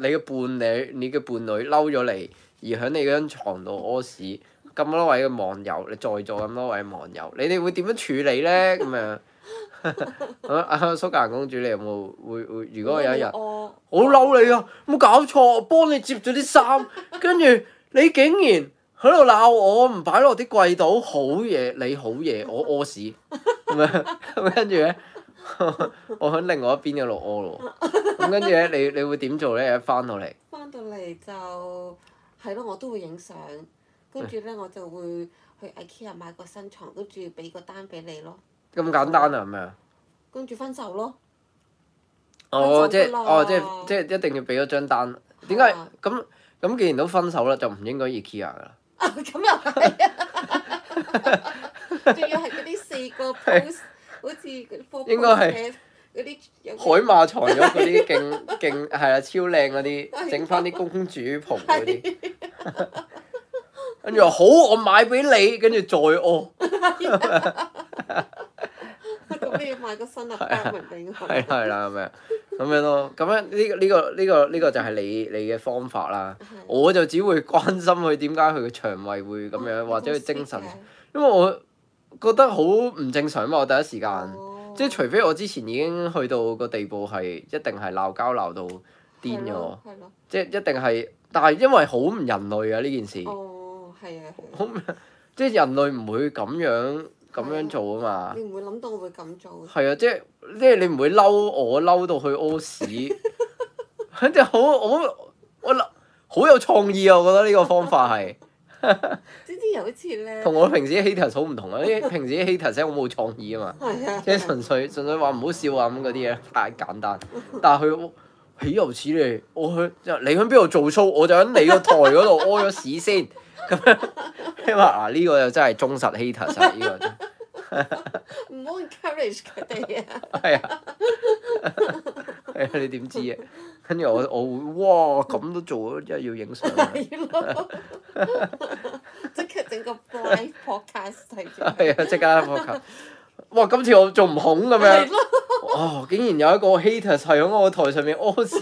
你嘅伴侶，你嘅伴侶嬲咗你，而喺你嗰張牀度屙屎，咁多位嘅網、網友，你在座咁多位網友，你哋會點樣處理咧？咁樣、 <laughs> <laughs> 啊，阿蘇格蘭公主，你有冇會會？如果有一日 <laughs> 我好嬲你啊，冇搞錯，我幫你摺咗啲衫，跟住你竟然～喺度鬧我唔擺落啲櫃度，好嘢你好嘢，我屙、啊、屎咁樣，咁跟住咧， <laughs> 我喺另外一邊嘅度屙咯。咁跟住咧，你你會點做咧？一翻到嚟，翻到嚟就係咯，我都會影相，跟住咧我就會去 IKEA 買個新牀，跟住俾個單俾你咯。咁簡單啊？係咪啊？跟住分手咯。哦，即係即哦，即係即係一定要俾咗張單。點解咁咁？嗎既然都分手啦，就唔應該 IKEA 噶啦。哦、啊，咁又係，仲要係嗰啲四個 pose，是好似應該係嗰啲海馬藏咗嗰啲勁勁係啦，超靚嗰啲，整翻啲公主袍嗰啲，跟住話好，我買俾你，跟住再我。 <laughs> 咁你要買個新嘅膠嚟頂佢？係啦係啦，咁啊？咁、啊啊啊啊、 <laughs> 樣咯，咁樣呢個呢、這個呢、這個呢、這個就係你你嘅方法啦。 <laughs> 啊、我就只會關心佢點解佢嘅腸胃會咁樣，哦、或者佢精神，因為我覺得好唔正常嘛。我第一時間、哦、即係除非我之前已經去到個地步係一定係鬧交鬧到癲咗，嗯啊啊、即係一定係。但係因為好唔人類啊呢件事。哦，係啊。好唔即係人類唔會咁樣。咁樣做啊嘛！你唔會諗到我會咁做？係啊，即係即你唔會嬲我，嬲到去屙屎，反正好好我諗，好有創意啊！我覺得呢個方法係呢啲又好似咧，同我平時啲 haters 好唔同啊！啲平時啲 haters 聲好冇創意啊嘛， <laughs> 即純粹純粹話唔好笑啊咁，嗰啲嘢太簡單，但係佢豈有此理，我去你響邊度做 show，我就響你個台嗰度屙咗屎先。 <laughs> 咁啊！你話嗱，呢個又真係忠實 haters 曬，呢個，唔好 encourage 佢哋啊！係啊，係啊，你點知啊？跟住我，我會哇，咁都做啊，真係要影相啊！係咯，即刻整個 live podcast，係啊，即刻播卡。哇！今次我仲唔紅咁樣？ <laughs> 哦，竟然有一個 hater 係喺我台上面屙屎，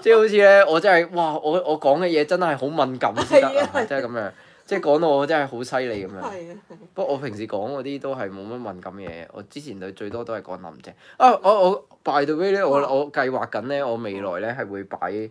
即係好似咧，我， <laughs> 我真係哇！我我講嘅嘢真係好敏感先得啊，即係咁樣，即係講到我真係好犀利咁樣。 <laughs> 不過我平時講嗰啲都係冇乜敏感嘢。我之前最多都係講林夕，啊！我我 by the way 咧，我我計劃緊咧，我未來咧係會擺。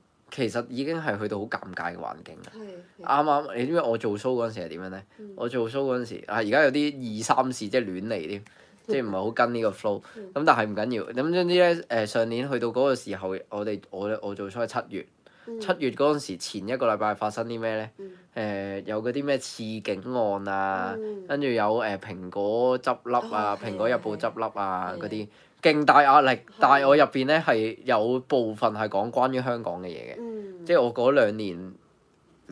其實已經係去到好尷尬嘅環境啦的。啱啱你知唔知我做 show 嗰陣時係點樣咧？我做 show 嗰陣時、嗯、時啊，而家有啲二三事即係亂嚟添，即係唔係好跟呢個 flow、嗯。咁但係唔緊要。咁總之咧，誒上年去到嗰個時候，我哋我我做 show 係七月。嗯、七月嗰陣時前一個禮拜發生啲咩咧？誒、嗯呃、有嗰啲咩刺警案啊，跟住、嗯、有誒蘋果執笠啊，哦、蘋果日報執笠啊嗰啲。的勁大壓力，但係我入邊咧係有部分係講關於香港嘅嘢嘅，嗯、即係我嗰兩年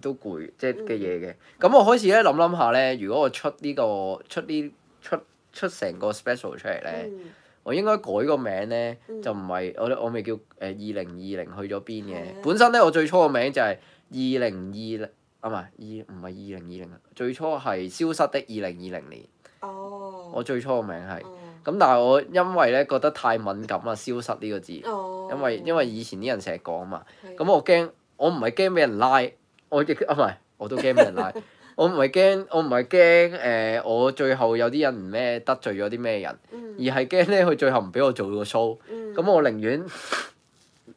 都攰，即係嘅嘢嘅。咁、嗯、我開始咧諗諗下咧，如果我出、呢個、出，出，出，個出呢個出呢出出成個 special 出嚟咧，嗯、我應該改個名咧就唔係、嗯、我我咪叫誒二零二零去咗邊嘅。嗯、本身咧我最初個名就係二零二啊，唔係二唔係二零二零最初係消失的二零二零年。哦。我最初個名係。咁但係我因為咧覺得太敏感啦，消失呢個字，oh. 因為因為以前啲人成日講啊嘛，咁的我驚我唔係驚俾人拉，我亦啊唔係我都驚俾人拉，我唔係驚我唔係驚誒，我最後有啲人唔咩得罪咗啲咩人，mm. 而係驚咧佢最後唔俾我做到 show。咁我寧願。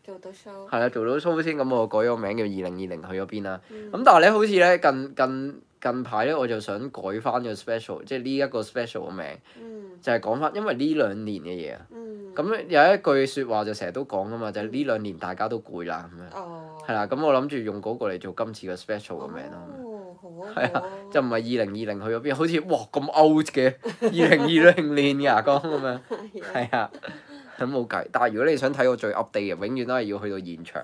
做係啦做到 show 先，咁我改咗個名叫二零二零去咗邊啦。咁、mm. 但係咧好似咧近近。近近近排咧，我就想改翻個 special，即係呢一個 special 嘅 spe 名，嗯、就係講翻，因為呢兩年嘅嘢啊。咁、嗯、有一句説話就成日都講噶嘛，就係、是、呢兩年大家都攰啦咁樣，係啦、哦。咁我諗住用嗰個嚟做今次嘅 special 嘅名咯。係啊、哦，就唔係二零二零去咗邊？好似哇咁 out 嘅二零二零年牙光咁樣，係啊。 <laughs> 咁冇計，但係如果你想睇到最 update 嘅，永遠都係要去到現場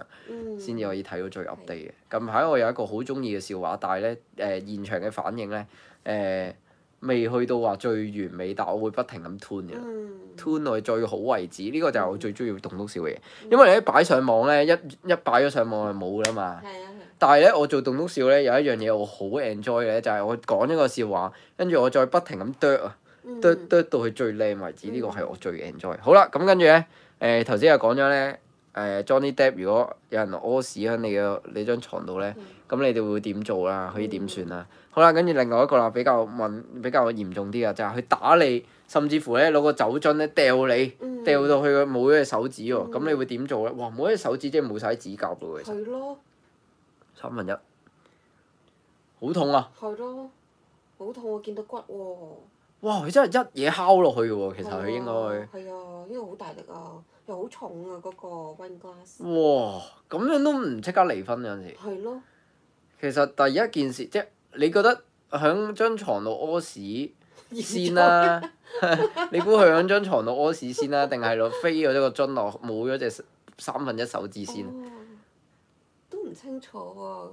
先至可以睇到最 update 嘅。嗯、近排我有一個好中意嘅笑話，但係咧誒現場嘅反應咧誒、呃、未去到話最完美，但係我會不停咁 tune 嘅，tune 到最好為止。呢、這個就係我最中意棟篤笑嘅嘢，因為咧擺上網咧一一擺咗上網就冇啦嘛。啊啊、但係咧我做棟篤笑咧有一樣嘢我好 enjoy 嘅咧，就係、是、我講一個笑話，跟住我再不停咁啄啊。堆堆到佢最靚為止，呢個係我最 enjoy。好啦，咁跟住咧，誒頭先又講咗咧，誒 Johnny Depp 如果有人屙屎喺你個你張床度咧，咁你哋會點做啦？可以點算啦？好啦，跟住另外一個啦，比較問比較嚴重啲啊，就係佢打你，甚至乎咧攞個酒樽咧掉你，掉到佢冇咗隻手指喎，咁你會點做咧？哇，冇咗隻手指即係冇晒指甲咯，其實係咯，三分一，好痛啊！係咯，好痛啊！見到骨喎。哇！佢真係一嘢敲落去嘅喎，其實佢應該係啊，因為好大力啊，又好重啊嗰、那個 wine glass 哇！咁樣都唔即刻離婚有陣時。係咯、啊。其實第一件事即你覺得喺張床度屙屎先啦、啊，來 <laughs> <laughs> 你估佢喺張床度屙屎先啦、啊，定係攞飛咗個樽落冇咗隻三分一手指先？哦、都唔清楚啊。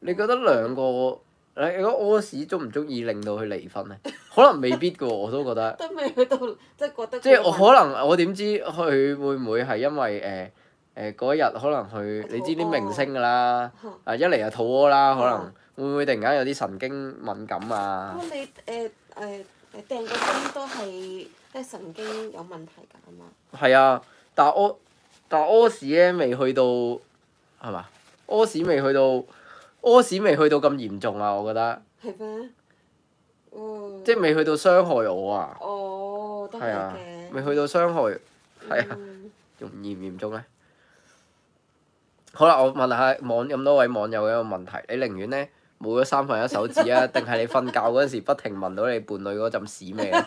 你覺得兩個？你覺得屙屎中唔中意令到佢離婚咧？ <laughs> 可能未必噶喎，我都覺得。 <laughs> 都未去到，即係覺得。即係我可能，我點知佢會唔會係因為誒誒嗰一日可能佢，你知啲明星噶啦，啊、嗯、一嚟就肚屙啦，嗯、可能會唔會突然間有啲神經敏感啊？咁、嗯、你誒誒你訂個鐘都係即係神經有問題噶係嘛？係啊，但係屙但係屙屎咧，未去到係嘛？屙屎未去到。屙屎未去到咁嚴重啊，我覺得、哦、即未去到傷害我啊！哦，得嘅。未去到傷害，係啊，嚴唔、嗯、嚴重咧？好啦，我問下網咁多位網友一個問題：你寧願咧冇咗三分一手指啊，定係你瞓覺嗰陣時不停聞到你伴侶嗰陣屎味咧、啊？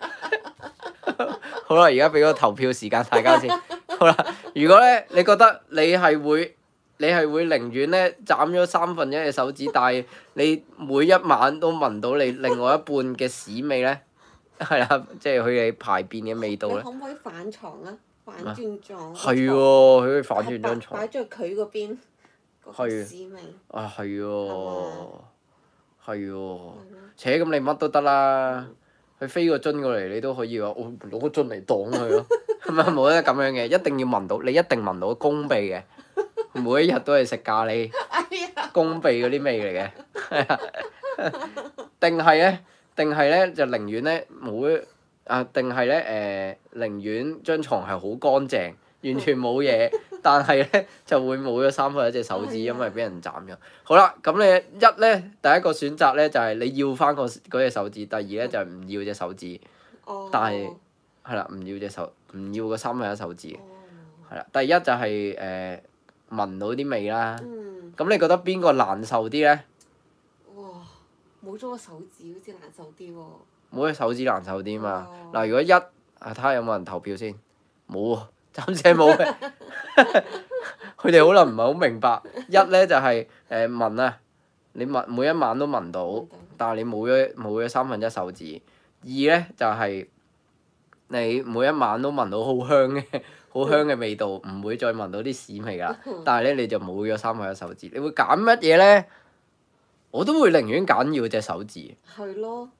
<laughs> <laughs> 好啦，而家俾個投票時間大家先。好啦，如果咧你覺得你係會。你係會寧願咧斬咗三分一嘅手指，但係你每一晚都聞到你另外一半嘅屎味咧，係啊，即係佢哋排便嘅味道咧。可唔可以反牀啊？反轉牀。係喎，佢可以反轉張牀。擺咗喺佢嗰邊。係。屎味。啊，係喎。係喎。扯咁你乜都得啦，佢飛個樽過嚟你都可以話，我攞個樽嚟擋佢咯，係咪冇得咁樣嘅？一定要聞到，你一定聞到個攻鼻嘅。每一日都係食咖喱，攻鼻嗰啲味嚟嘅，定係咧，定係咧就寧願咧冇啊，定係咧誒寧願張床係好乾淨，完全冇嘢，但係咧就會冇咗三分一隻手指，因為俾人斬咗。 <laughs> 好啦，咁你一咧第一個選擇咧就係、是、你要翻、個嗰隻手指，第二咧就係、是、唔要隻手指，但係。係啦、oh.，唔要隻手，唔要個三分一手指係啦，第一就係、是。誒、呃。聞到啲味啦，咁、嗯、你覺得邊個難受啲咧？哇！冇咗個手指好似難受啲喎、哦。冇咗手指難受啲啊！嗱、哦，如果一啊睇下有冇人投票先，冇啊，暫時冇嘅。佢哋可能唔係好明白。 <laughs> 一咧就係、是、誒、呃、聞啊，你聞每一晚都聞到， <laughs> 但係你冇咗冇咗三分一手指。二咧就係、是。你每一晚都聞到好香嘅好香嘅味道，唔會再聞到啲屎味㗎。但係咧，你就冇咗三個一手指，你會揀乜嘢咧？我都會寧願揀要隻手指。係咯，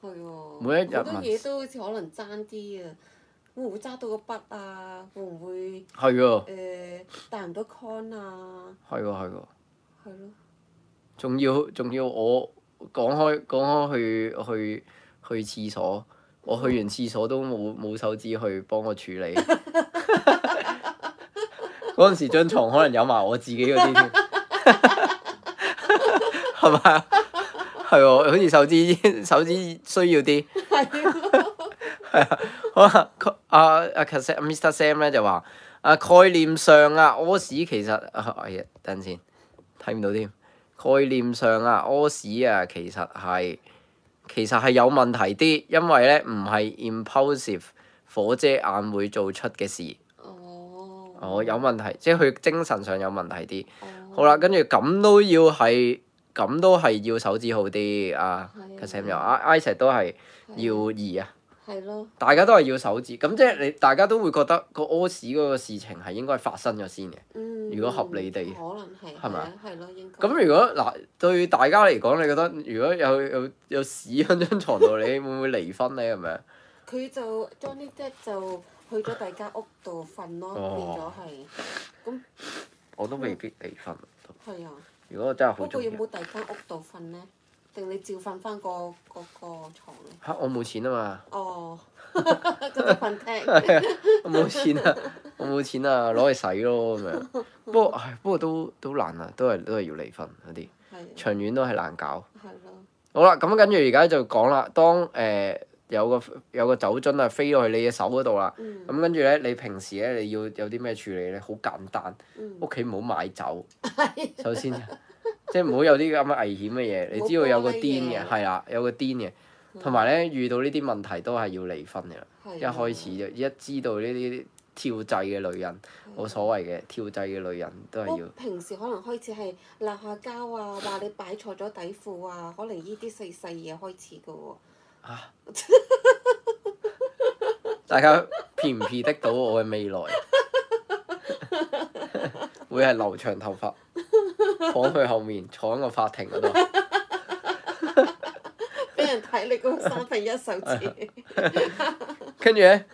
係喎。每一日好多嘢都好似可能爭啲啊！會唔會揸到個筆啊？會唔會係啊？誒，帶唔到 con 啊？係喎，係喎。係咯。仲要仲要，要我講開講開去去去，去廁所。我去完廁所都冇冇手紙去幫我處理，嗰陣時張床可能有埋我自己嗰啲添，係咪啊？係喎，好似手指，手指需要啲，係啊。好！阿、啊、阿、啊、Mr Sam 咧就話、啊，概念上啊，屙屎其實哎呀、啊、等陣先，睇唔到添。概念上啊，屙屎啊，其實係。其實係有問題啲，因為咧唔係 impulsive 火遮眼會做出嘅事，哦，oh, oh. oh, 有問題，即係佢精神上有問題啲。Oh. 好啦，跟住咁都要係，咁都係要手指好啲啊。咁又的，I I 成都係要二啊。係咯，大家都係要手指，咁即係你大家都會覺得個屙屎嗰個事情係應該發生咗先嘅。嗯、如果合理地，可能係，係咪啊？係咯，應該。咁吧如果嗱對大家嚟講，你覺得如果有有有屎喺張床度， <laughs> 你會唔會離婚咧？咁樣？佢就將呢啲就去咗第二間屋度瞓咯，哦、變咗係咁。我都未必離婚。係啊那。的如果真係好？嗰有冇第二間屋度瞓咧？定你照瞓翻、個嗰、個牀。嚇！我冇錢啊嘛。我冇錢啊，我冇錢啊，攞去洗咯咁樣。 <laughs> 不過唉、哎，不過都都難啊，都係都係要離婚嗰啲，啊、長遠都係難搞。啊、好啦，咁跟住而家就講啦。當誒、呃、有個有個酒樽啊飛落去你嘅手嗰度啦。咁、嗯、跟住咧，你平時咧你要有啲咩處理咧？好簡單，屋企唔好買酒。首先。 <laughs> 即係唔好有啲咁嘅危險嘅嘢，你知道有個癲嘅，係啦、啊，有個癲嘅，同埋咧遇到呢啲問題都係要離婚嘅。是的 一開始就一知道呢啲跳掣嘅女人冇是的 所謂嘅，跳掣嘅女人都係要、啊。平時可能開始係鬧下交啊，話你擺錯咗底褲啊，可能呢啲細細嘢開始㗎喎、哦。啊！大家騙唔騙得到我嘅未來？ <laughs> 會係留長頭髮。放佢後面坐喺個法庭嗰度，俾 <laughs> 人睇你嗰三分一手指。跟住咧，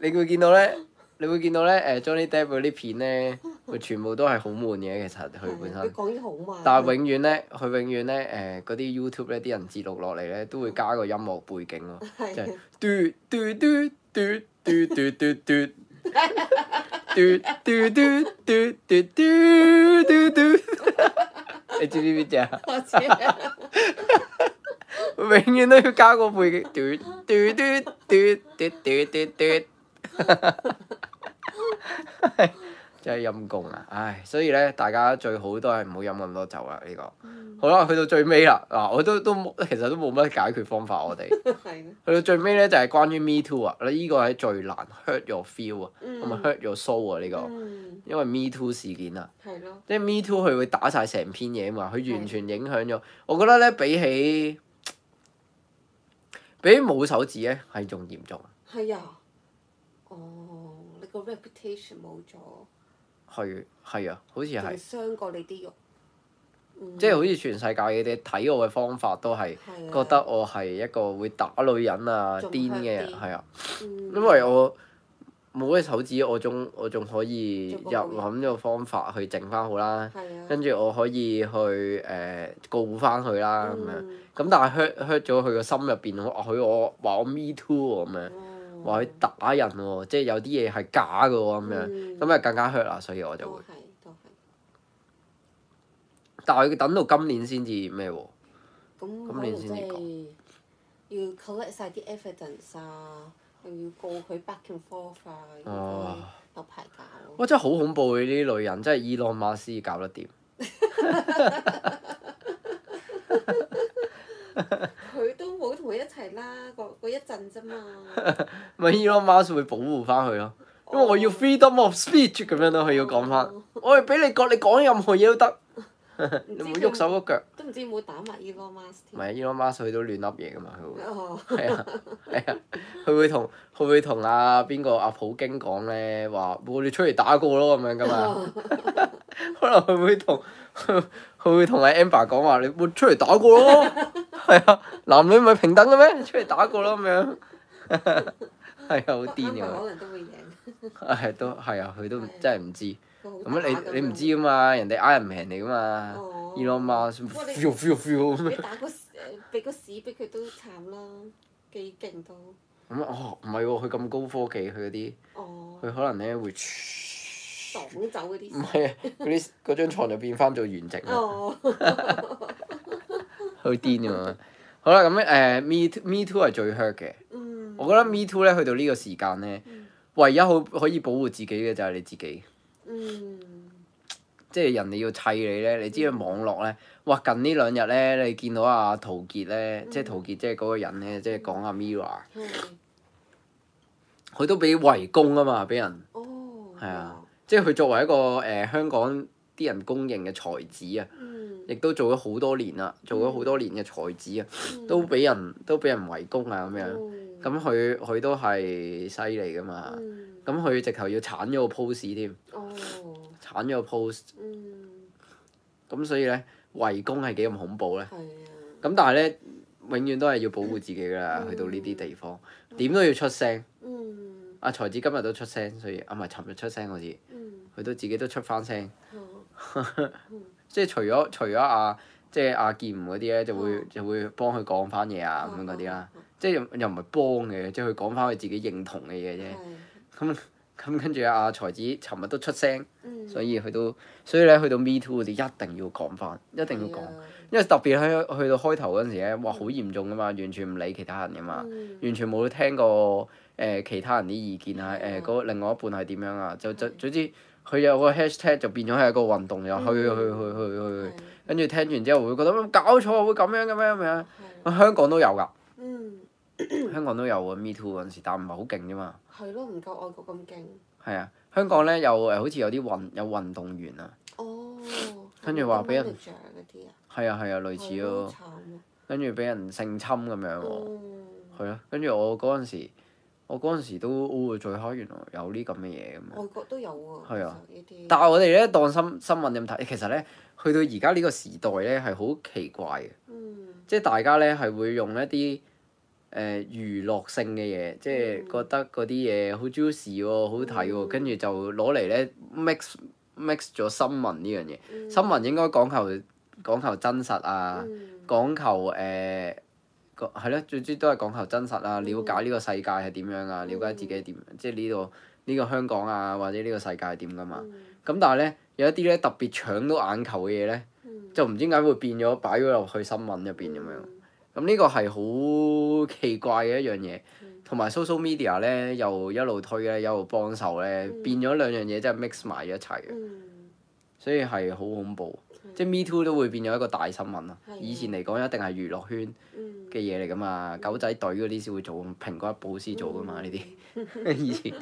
你會見到咧，你會見到咧，誒、呃、Johnny Depp 嗰啲片咧，佢全部都係好悶嘅。其實佢本身，佢講嘢好慢。但係永遠咧，佢永遠咧，誒嗰啲 YouTube 咧，啲人截錄落嚟咧，都會加個音樂背景咯，的就係嘟嘟嘟嘟嘟嘟嘟嘟。 <laughs> <laughs> 嘟嘟嘟嘟嘟嘟嘟嘟，哎，知唔知邊隻啊？我知。永遠都要加個背景，嘟嘟嘟嘟嘟嘟嘟嘟，哈哈哈哈哈，哈哈。真係陰功啊！唉，所以咧，大家最好都係唔好飲咁多酒啦、啊。呢、這個好啦，去到最尾啦。嗱、啊，我都都其實都冇乜解決方法我。我哋去到最尾咧，就係、是、關於 MeToo 啊！呢、這、依個係最難 hurt your feel 啊，同埋 hurt your soul 啊，呢、這個、嗯、因為 MeToo 事件啊。是的 即係 MeToo，佢會打晒成篇嘢嘛？佢完全影響咗。是的 我覺得咧，比起比起冇手指咧，係仲嚴重。係啊。哦、oh, like，你個 reputation 冇咗。係係啊，好似係、嗯、即係好似全世界嘅啲睇我嘅方法都係覺得我係一個會打女人啊癲嘅人的。係啊，的嗯、因為我冇咩手指我，我仲我仲可以又揾個方法去整翻好啦，的跟住我可以去誒、呃、告翻佢啦咁樣，咁但係 hurt hurt 咗佢個心入邊，或許我話我 me too 咁樣。話佢打人喎，即係有啲嘢係假嘅喎咁樣，咁就更加 hurt 啦。所以我就會，但係等到今年先至咩喎？咁我真係要 collect 晒啲 evidence 啊，又要告佢 b a c k g n d i n v t i g a t i o n 有排搞。哇！真係好恐怖嘅呢啲女人，真係伊朗馬斯,斯搞得掂。 <laughs> <laughs> 佢 <laughs> 都冇同佢一齊啦，嗰嗰一陣啫嘛。咪 <laughs> Elon Musk 會保護翻佢咯，因為我要 freedom of speech 咁、oh. 樣咯，佢要講翻，我哋俾你講，你講任何嘢都得，你唔好喐手喐腳。都唔知有冇打埋 Elon Musk。唔係 Elon Musk，佢都亂笠嘢噶嘛，係啊係啊，佢會同佢會同阿邊個阿普京講咧，話冇你出嚟打過咯咁樣噶嘛。 <laughs> <laughs> 可能佢會同佢會同阿 Amber 講，話你出嚟打過咯，係啊，男女咪平等嘅咩？出嚟打過咁咪係啊，好癲㗎喎！可能都會贏。啊，都係啊，佢都真係唔知。咁啊，你你唔知噶嘛，人哋嗌人平你嘛，Elon Musk。哇！你 feel feel feel 咁樣打個誒，俾個屎俾佢都慘啦，幾勁都咁哦，唔係喎，佢咁高科技，佢嗰啲，佢可能咧會。唔係啊！嗰啲嗰張床就變翻做原形啊！好癲嘛，好啦，咁咧誒，Me Me Too 係最 hurt 嘅。嗯、我覺得 Me Too 咧，去到呢個時間咧，嗯、唯一好可以保護自己嘅就係你自己。嗯、即係人哋要砌你咧，你知網絡咧，哇！近呢兩日咧，你見到阿、啊、陶傑咧，嗯、即係陶傑，即係嗰個人咧，嗯、即係講阿 Mira，佢都俾圍攻啊嘛，俾人。哦。係啊。即係佢作為一個誒、呃、香港啲人公認嘅才子啊，亦、嗯、都做咗好多年啦，做咗好多年嘅才子啊，嗯、都俾人都俾人圍攻啊咁樣，咁佢佢都係犀利㗎嘛，咁佢、嗯、直頭要鏟咗個 post 添，鏟咗、哦、個 post，咁、嗯、所以咧圍攻係幾咁恐怖咧，咁、啊、但係咧永遠都係要保護自己㗎啦，嗯、去到呢啲地方點、嗯、都要出聲。阿、啊、才子今日都出聲，所以啊，唔係尋日出聲嗰啲，佢、嗯、都自己都出翻聲、 <laughs> 啊。即係除咗除咗阿即係阿劍唔嗰啲咧，就會就會幫佢講翻嘢啊咁樣嗰啲啦。即係又唔係幫嘅，即係佢講翻佢自己認同嘅嘢啫。咁咁跟住阿才子尋日都出聲，所以佢都所以咧去到 Me Too 嗰啲一定要講翻，一定要講，嗯、因為特別咧去到開頭嗰陣時咧，哇好嚴重噶嘛，完全唔理其他人噶嘛，嗯、完全冇聽過。誒其他人啲意見啊，誒嗰另外一半係點樣啊？就就總之佢有個 hashtag 就變咗係一個運動又去去去去去，去跟住聽完之後會覺得有冇搞錯會咁樣嘅咩咁啊？香港都有噶，香港都有啊，Me Too 嗰陣時，但唔係好勁啫嘛。係咯，唔夠外國咁勁。係啊，香港咧又誒，好似有啲運有運動員啊。哦。跟住話俾人係啊。係啊係類似咯。跟住俾人性侵咁樣喎。係係咯，跟住我嗰陣時。我嗰陣時都喎，再開原來有呢咁嘅嘢咁啊！外國都有喎，係啊，些但係我哋咧當新新聞咁睇，其實咧去到而家呢個時代咧係好奇怪嘅，嗯、即係大家咧係會用一啲誒、呃、娛樂性嘅嘢，即係覺得嗰啲嘢好 juicy 喎、哦，好睇喎、哦，跟住、嗯、就攞嚟咧 mix mix 咗新聞呢樣嘢。嗯、新聞應該講求講求真實啊，嗯、講求誒。呃係咯，最終都係講求真實啦。了解呢個世界係點樣啊，了解自己點，即係呢、呢個呢、呢個香港啊，或者呢個世界係點噶嘛。咁但係咧，有一啲咧特別搶到眼球嘅嘢咧，就唔知點解會變咗擺咗落去新聞入邊咁樣。咁呢個係好奇怪嘅一樣嘢，同埋 social media 咧又一路推咧，一路幫手咧，變咗兩樣嘢真係 mix 埋一齊，所以係好恐怖。即係 Me Too 都會變咗一個大新聞咯。的以前嚟講一定係娛樂圈嘅嘢嚟㗎嘛，嗯、狗仔隊嗰啲先會做，蘋果、報紙先做㗎嘛，呢啲以前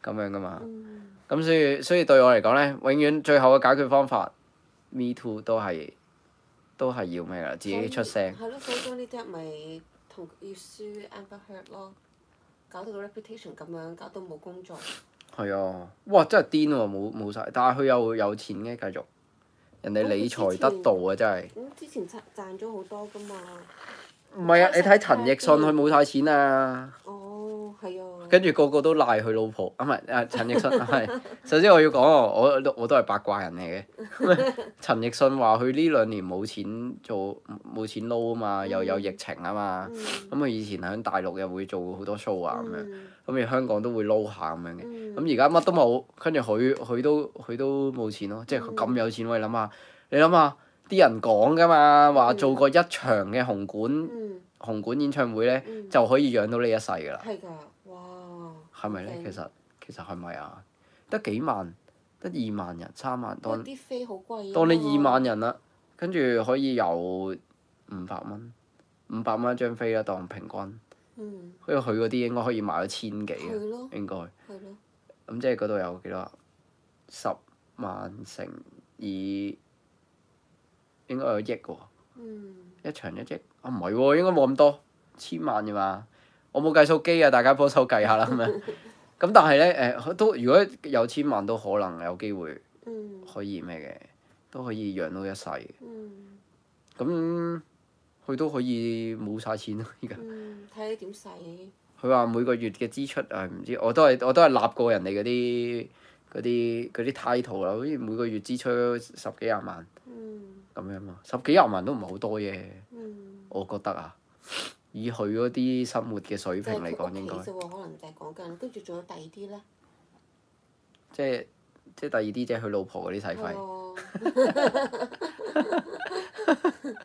咁樣㗎嘛。咁、嗯、所以所以對我嚟講咧，永遠最後嘅解決方法、嗯，Me Too 都係都係要咩㗎？自己出聲。係咯，方東呢啲咪同要輸 Amber Heard 咯，搞到個 reputation 咁樣，搞到冇工作。係啊，哇！真係癲喎，冇冇曬，但係佢又有錢嘅繼續。人哋理財得道啊，真係！咁之，嗯，之前賺賺咗好多㗎嘛？唔係啊，你睇陳奕迅佢冇晒錢啊！哦。跟住個個都賴佢老婆，啊，唔係啊，陳奕迅係、啊。首先我要講，我我都係八卦人嚟嘅。陳、啊、奕迅話佢呢兩年冇錢做，冇錢撈啊嘛，又有疫情啊嘛。咁佢、嗯嗯嗯、以前喺大陸又會做好多 show 啊咁、嗯、樣，咁而香港都會撈下咁樣嘅。咁而家乜都冇，跟住佢佢都佢都冇錢咯，即係佢咁有錢。喂、嗯，諗下，你諗下啲人講噶嘛，話做過一場嘅紅館。嗯嗯紅館演唱會咧、嗯、就可以養到你一世㗎啦。係咪咧？其實其實係咪啊？得幾萬，得二萬人，三萬當。啲飛好貴啊。當你二萬人啦，跟住可以有五百蚊，五百蚊一張飛啦，當平均。嗯。跟住佢嗰啲應該可以賣到千幾啊，的應該。咁即係嗰度有幾多？啊？十萬乘以應該有億㗎喎。嗯、一場一億。啊，唔係喎，應該冇咁多千萬咋嘛。我冇計數機啊，大家幫手計下啦咁樣。咁 <laughs> 但係咧誒，都如果有千萬，都可能有機會、嗯、可以咩嘅，都可以養到一世咁佢都可以冇晒錢咯。依家睇你點使。佢話每個月嘅支出係唔、啊、知，我都係我都係納過人哋嗰啲嗰啲嗰啲 title 啦，好似、啊、每個月支出十幾廿萬咁、嗯嗯、樣啊，十幾廿萬都唔係好多嘅。我覺得啊，以佢嗰啲生活嘅水平嚟講，應該啫喎，可能就係講緊，跟住仲有第二啲咧。即係即係第二啲，即係佢老婆嗰啲使費。哦、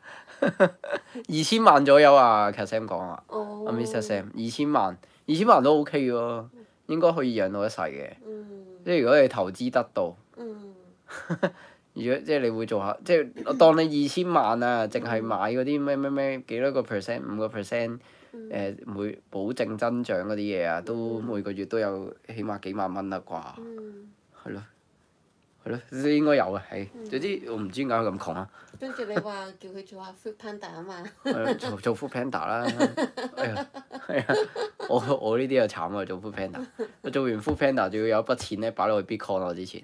<laughs> <laughs> 二千萬左右啊，Sam 講啊，阿 Miss Sam，二千萬，二千萬都 OK 嘅，應該可以養到一世嘅。嗯、即係如果你投資得到。嗯 <laughs> 如果即係，你會做下，即係我當你二千萬啊，淨係 <laughs> 買嗰啲咩咩咩幾多個 percent，五個 percent，誒、呃、每保證增長嗰啲嘢啊，都每個月都有起碼幾萬蚊啦啩，係咯。係咯應該有嘅，係總之，我唔知點解咁窮啦。跟住你話叫佢做下 food panda 啊嘛，誒做做 food panda 啦，係啊，我我呢啲又慘啊，做 food panda，我做完 food panda 仲要有一筆錢咧擺落去 bitcoin 我之前，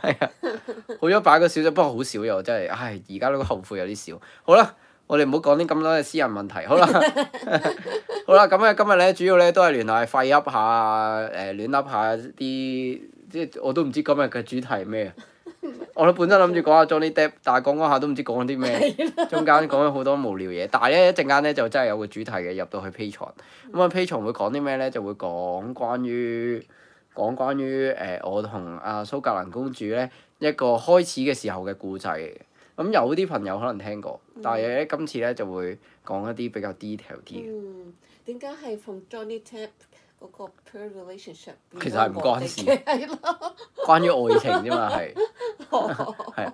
係啊，好彩擺咗少少，不過好少又真係唉，而、哎、家都後悔有啲少。好啦，我哋唔好講啲咁多嘅私人問題，好啦， <laughs> <laughs> 好啦，咁啊今日咧主要咧都係聯絡廢噏下誒亂噏下啲。即係我都唔知今日嘅主題係咩？我都本身諗住講下 Johnny Depp，但係講講下都唔知講咗啲咩，中間講咗好多無聊嘢。但係咧一陣間咧就真係有個主題嘅，入到去 Patreon。咁啊 Patreon 會講啲咩咧？就會講關於講關於誒、呃、我同阿、啊、蘇格蘭公主咧一個開始嘅時候嘅故仔。嘅。咁有啲朋友可能聽過，但係咧今次咧就會講一啲比較 detail 啲。嘅、嗯。點解係講 Johnny Depp？其實係唔關事，嘅，關於愛情啫嘛係，係啊，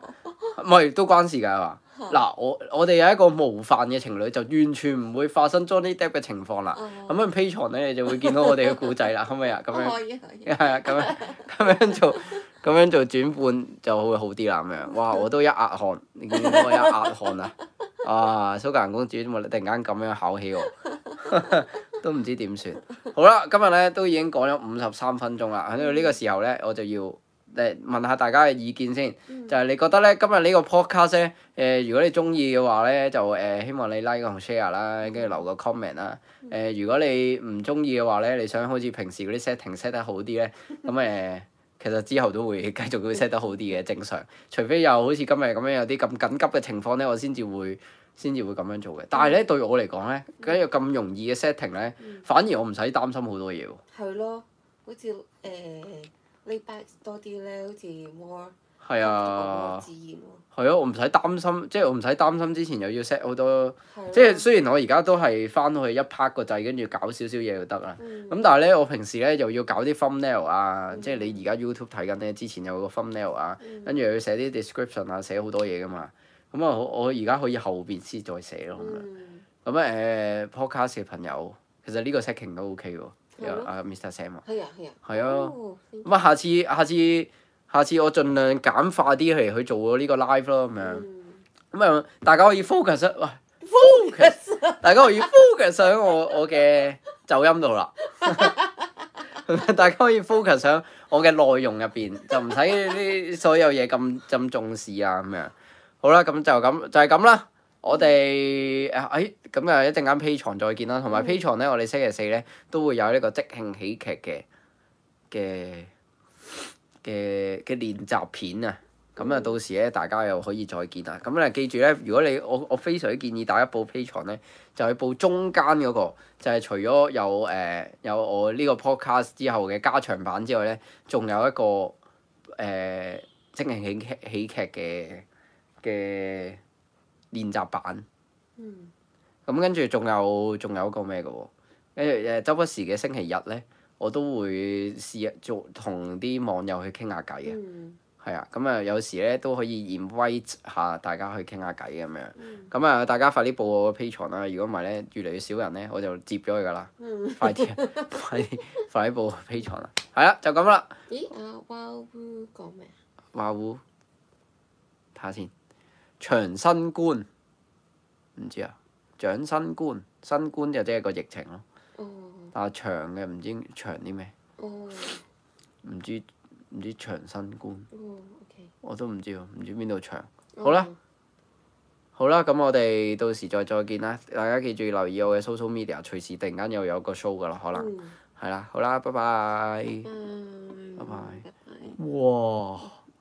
唔係都關事㗎嘛。嗱我我哋有一個模範嘅情侶，就完全唔會發生 Johnny Depp 嘅情況啦。咁樣 Patreon 咧，你就會見到我哋嘅故仔啦，係咪啊？咁樣，係啊、oh, yeah , yeah.，咁樣咁樣做，咁樣做轉半就會好啲啦。咁樣，哇！我都一額汗，你見唔見我一額汗啊？啊，蘇格蘭公主，我突然間咁樣考起我。 <laughs> 都唔知點算。好啦，今日咧都已經講咗五十三分鐘啦。喺到呢個時候咧，我就要誒問下大家嘅意見先。就係、是、你覺得咧，今日呢個 podcast 咧，誒、呃、如果你中意嘅話咧，就誒、呃、希望你 like 同 share 啦，跟住留個 comment 啦。誒、呃、如果你唔中意嘅話咧，你想好似平時嗰啲 setting set 得好啲咧，咁、呃、誒其實之後都會繼續會 set 得好啲嘅正常。除非又好似今日咁樣有啲咁緊急嘅情況咧，我先至會。先至會咁樣做嘅，嗯、但係咧對我嚟講咧，一又咁容易嘅 setting 咧，嗯、反而我唔使擔心好多嘢喎。係咯，好似誒 relax 多啲咧，好似 more 係啊，自然咯。係啊，我唔使擔心，即係我唔使擔心之前又要 set 好多，的即係雖然我而家都係翻去一 part 個掣，跟住搞少少嘢就得啦。咁、嗯、但係咧，我平時咧又要搞啲 thumbnail 啊，嗯、即係你而家 YouTube 睇緊咧，之前有個 thumbnail 啊，跟住又要寫啲 description 啊，寫好多嘢㗎嘛。咁啊，我而家可以後邊先再寫咯。咁樣、嗯，咁誒、呃、Podcast 嘅朋友，其實呢個 setting 都 OK 喎。阿的、啊、Mr Sam 啊，係啊係啊，係啊。咁啊的、嗯，下次下次下次，我盡量簡化啲嚟去做呢個 live 咯。咁樣、嗯，咁啊，大家可以 focus、呃、focus 喺，focus， <laughs> 大家可以 focus 喺我我嘅走音度啦。大家可以 focus 喺我嘅內容入邊，就唔使啲所有嘢咁咁重視啊咁樣。好啦，咁就咁就係、是、咁啦。我哋誒誒咁啊，哎、一陣間 Patreon 再見啦。同埋 Patreon 咧，我哋星期四咧都會有呢個即興喜劇嘅嘅嘅嘅練習片啊。咁啊，到時咧大家又可以再見啊。咁咧記住咧，如果你我我非常之建議大家報 Patreon 咧，就係報中間嗰、那個，就係、是、除咗有誒、呃、有我呢個 podcast 之後嘅加長版之外咧，仲有一個誒、呃、即興喜劇喜劇嘅。嘅練習版，咁跟住仲有仲有一個咩嘅喎？跟住周不時嘅星期日咧，我都會試做同啲網友去傾下偈嘅，係啊、嗯，咁啊、嗯、有時咧都可以 invite 下大家去傾下偈咁樣，咁啊、嗯、大家快啲報我個 Patreon 啦！如果唔係咧，越嚟越少人咧，我就接咗佢噶啦，快啲啊，快啲快啲報我個 Patreon 啦！係啦，就咁啦。咦？阿哇烏講咩啊？哇烏，睇下先。長新冠唔知啊，長新冠，新冠就即係個疫情咯。但係長嘅唔知長啲咩？唔知唔知長新冠。我都唔知喎，唔知邊度長。好啦，好啦，咁我哋到時再再見啦。大家記住留意我嘅 social media，隨時突然間又有個 show 噶啦，可能、嗯、係啦。好啦，拜拜。嗯、拜拜。拜拜。哇！